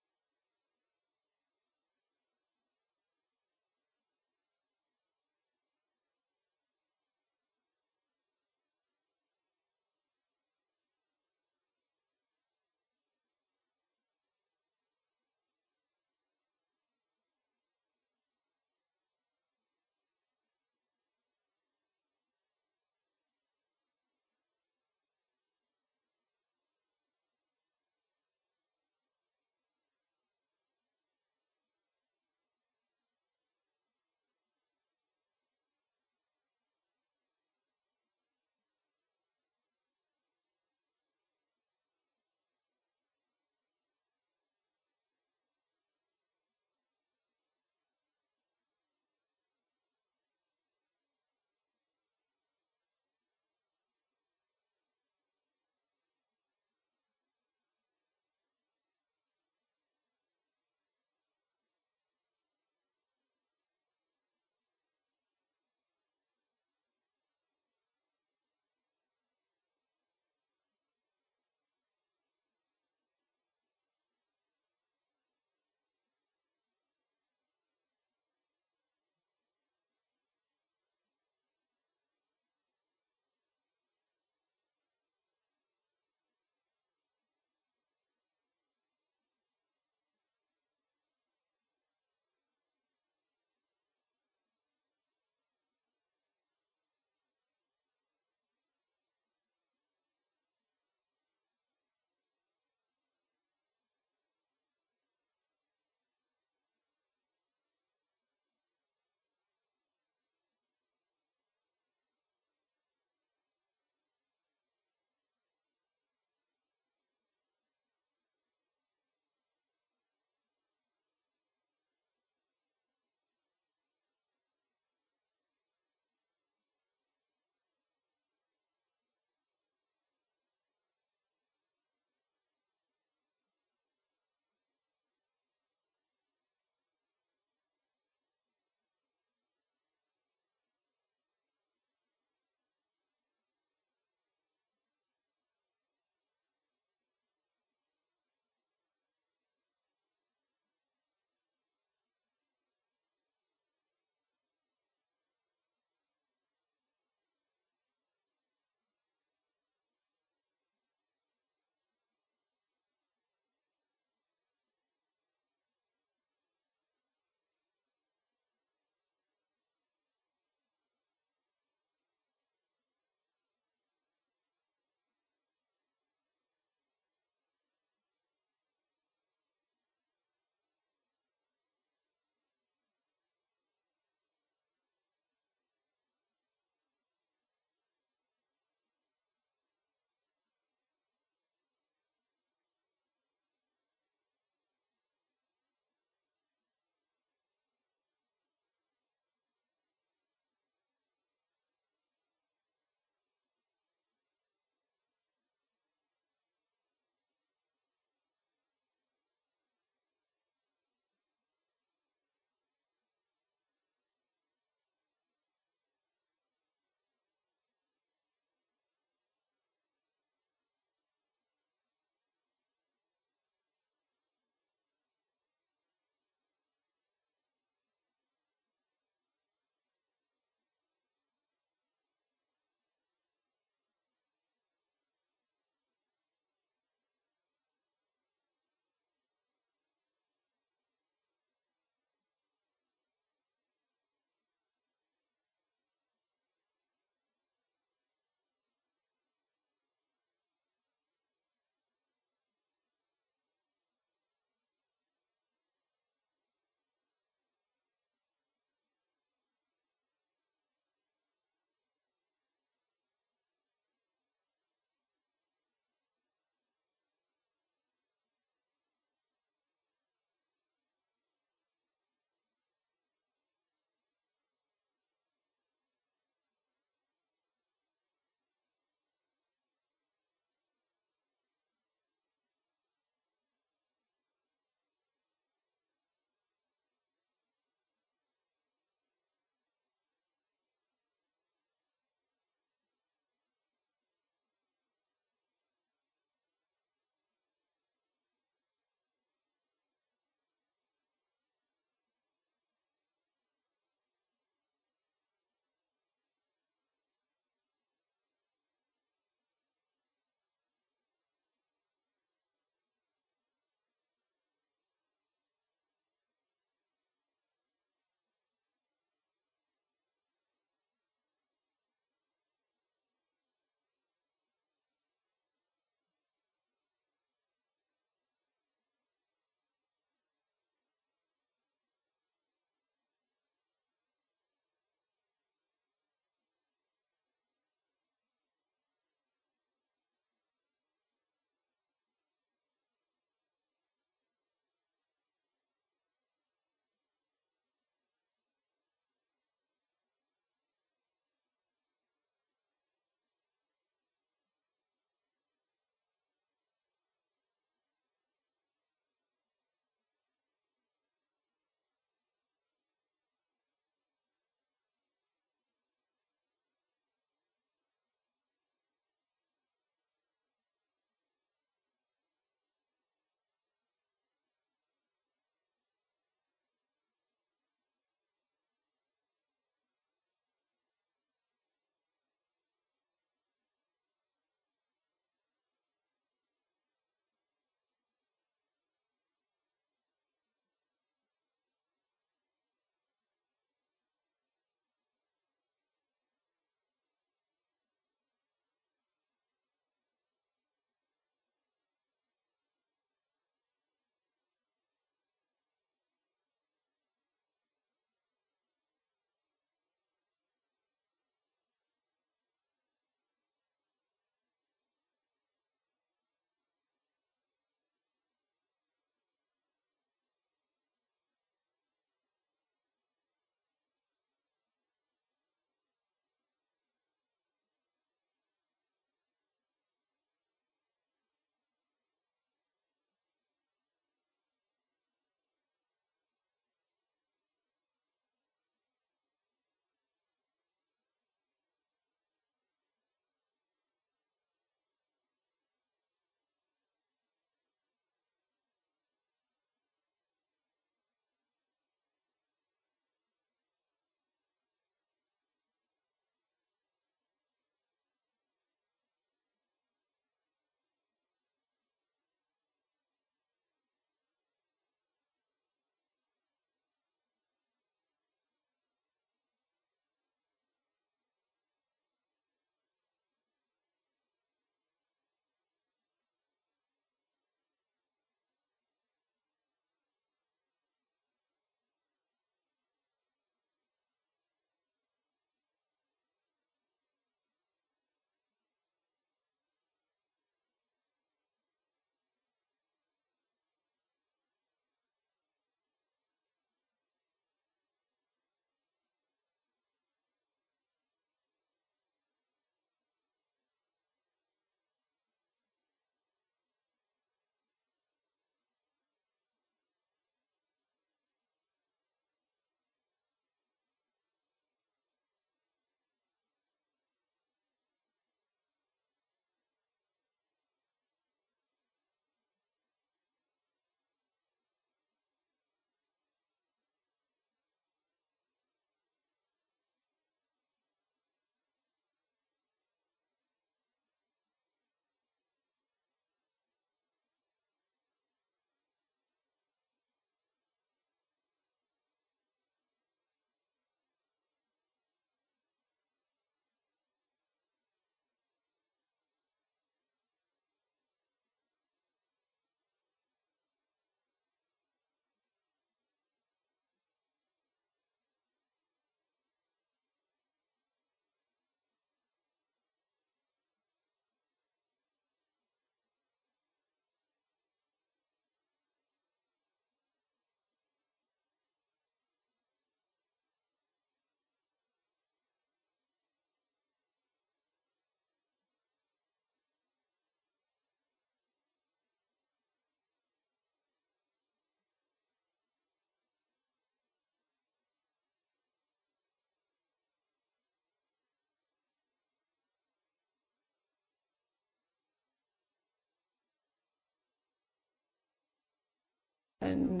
and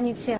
hranici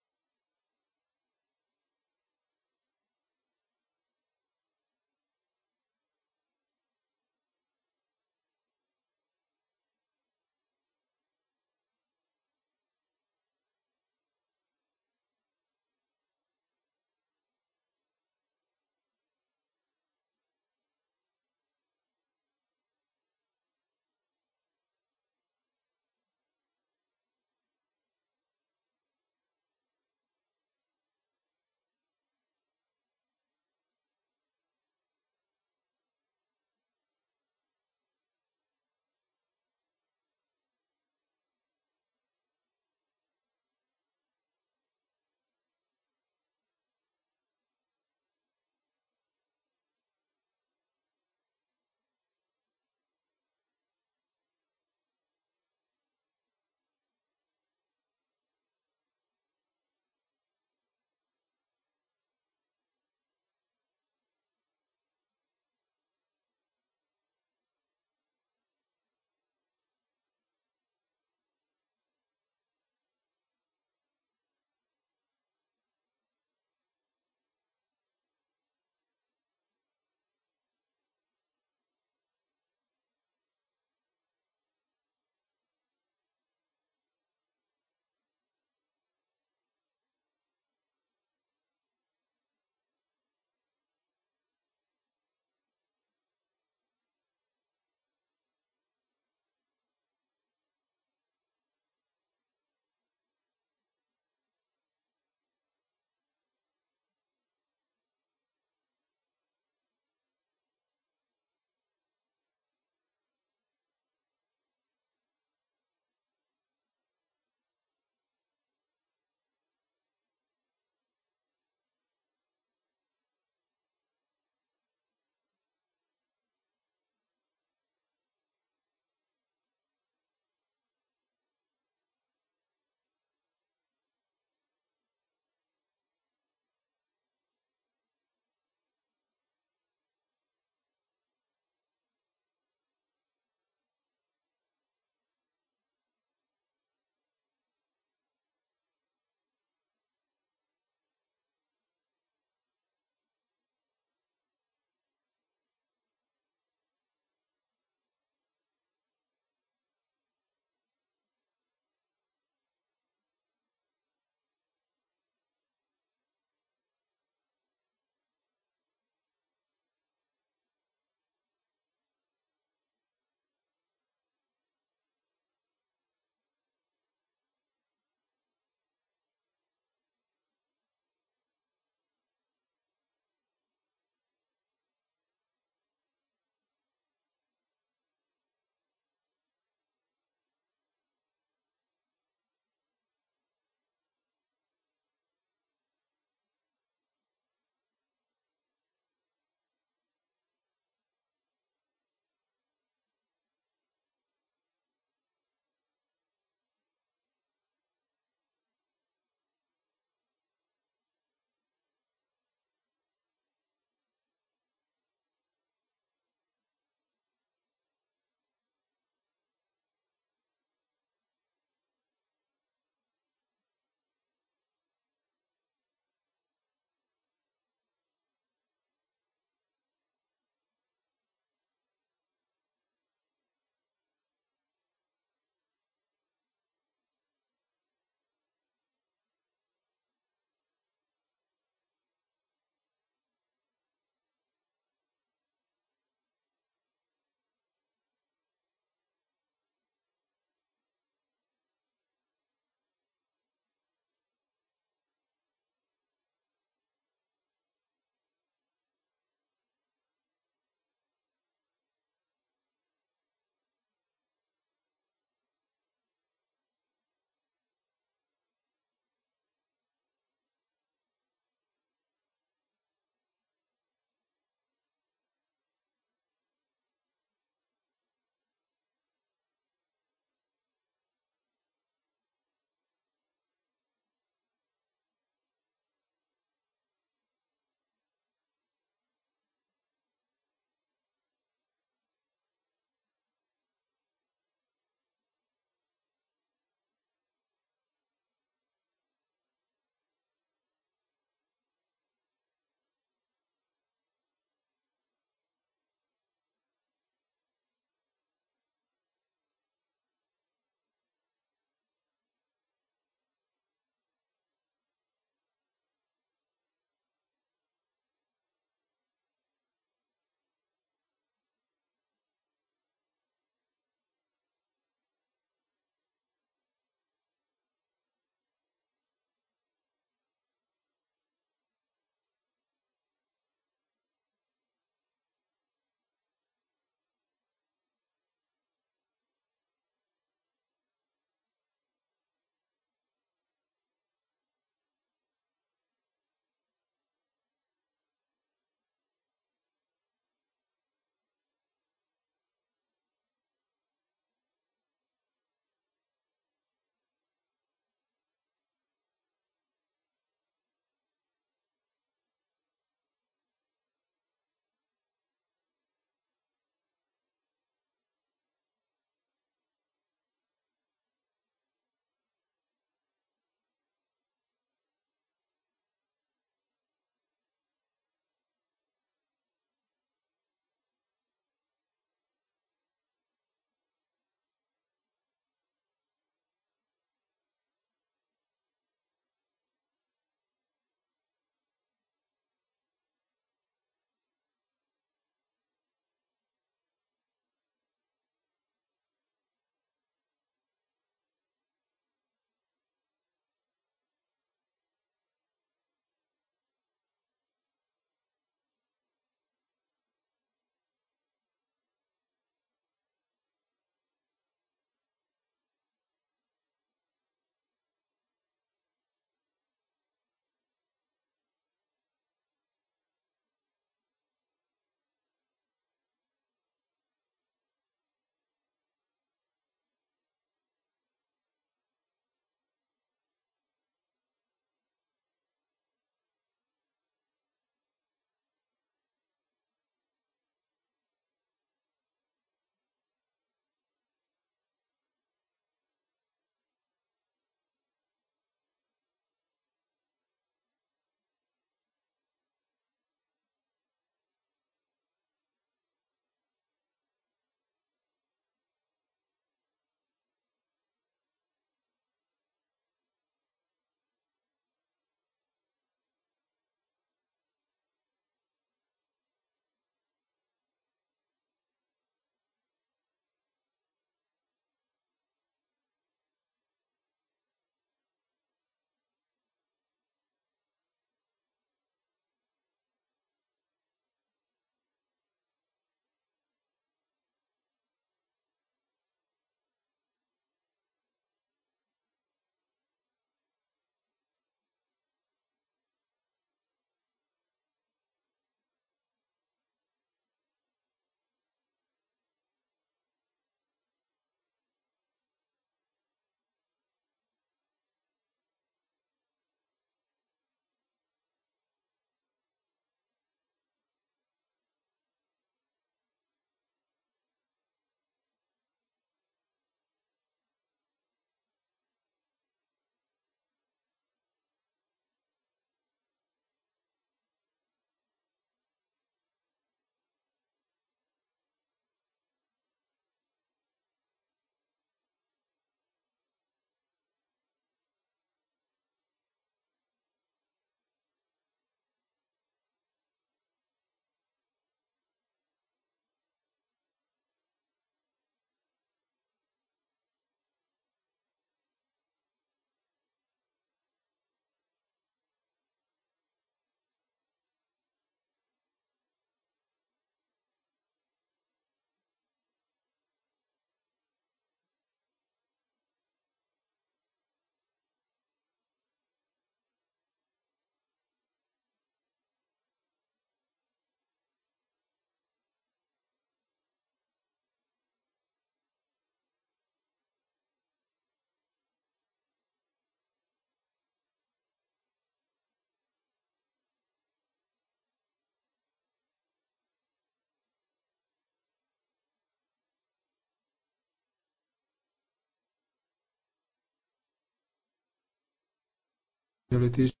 minulý týždeň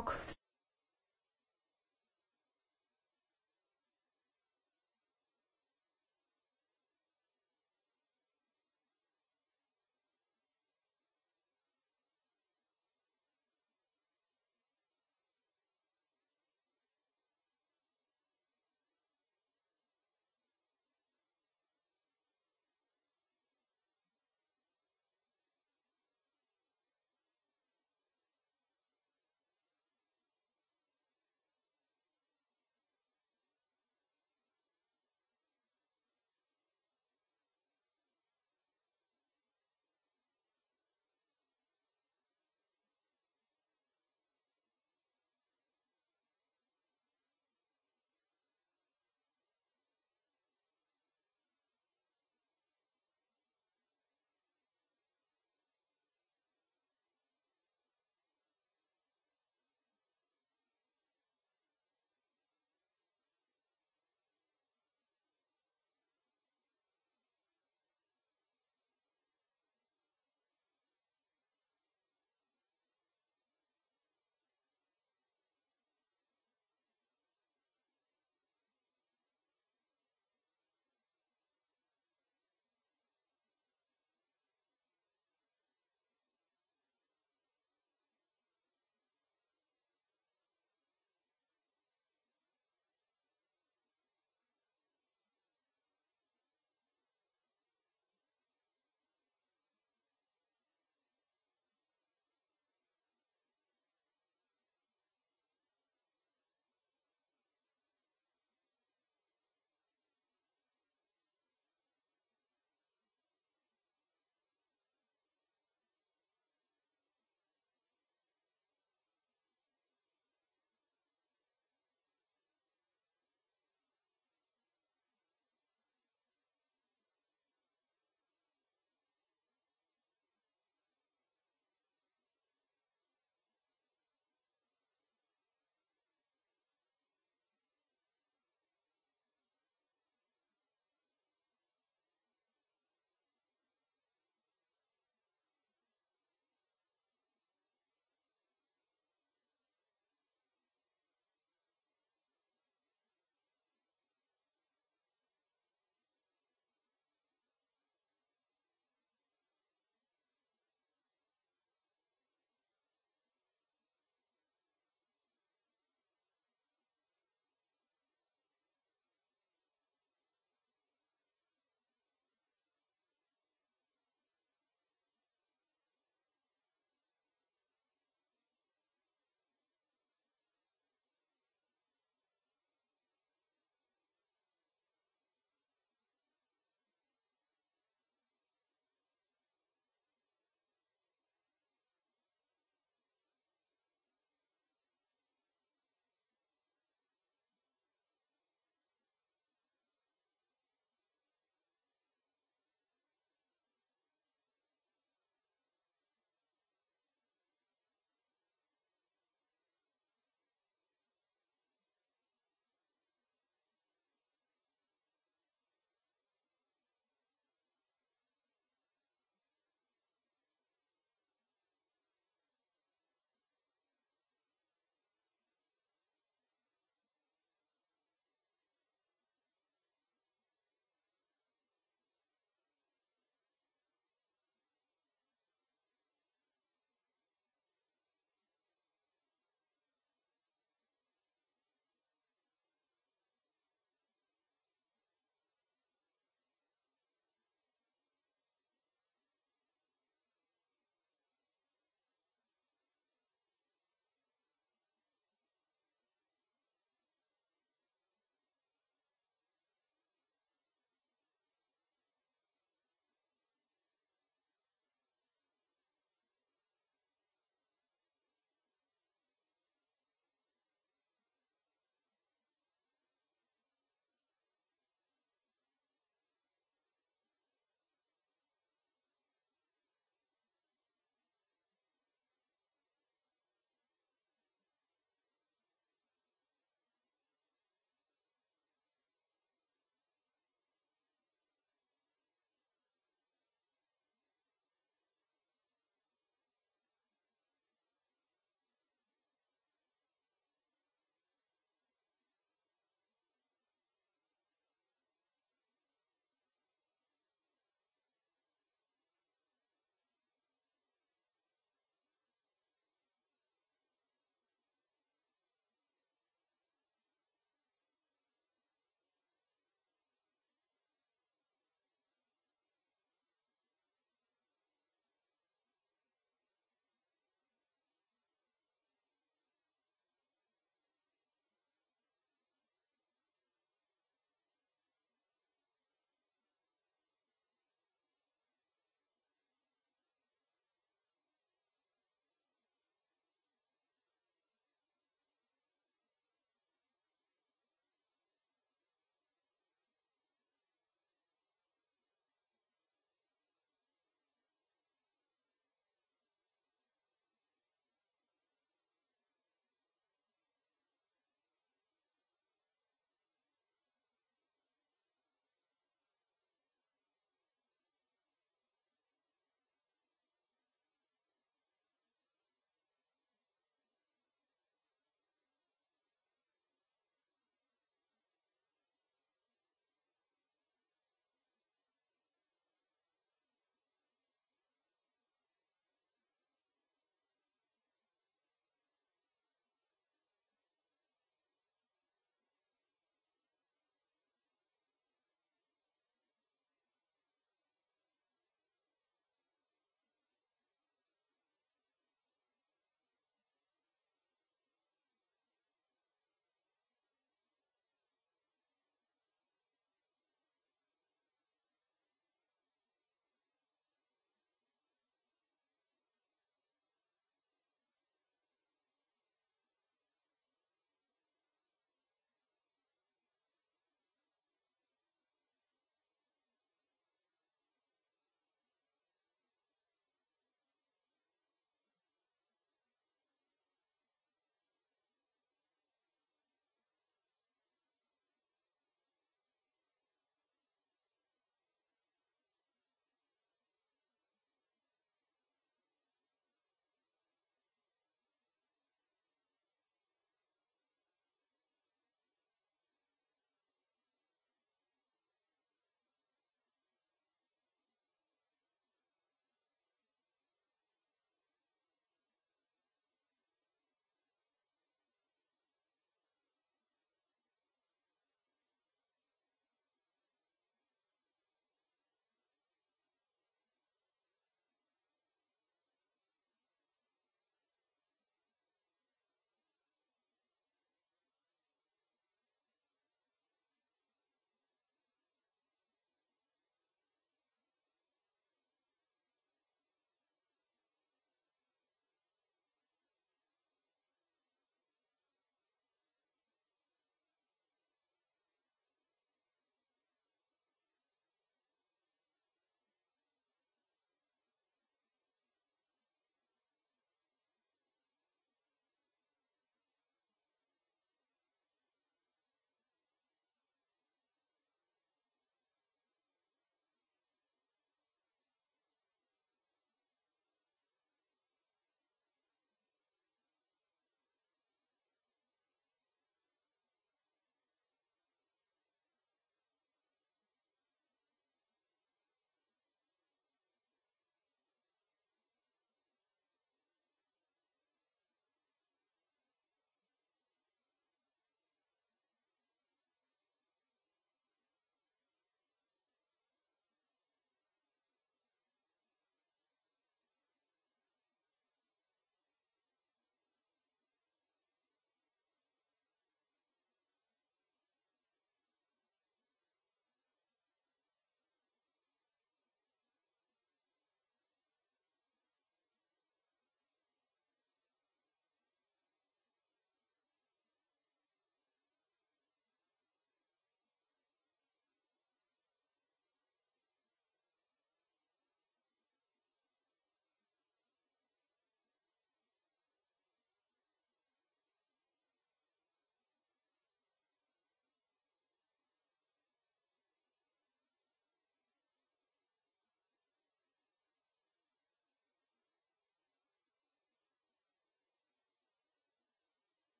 pokrok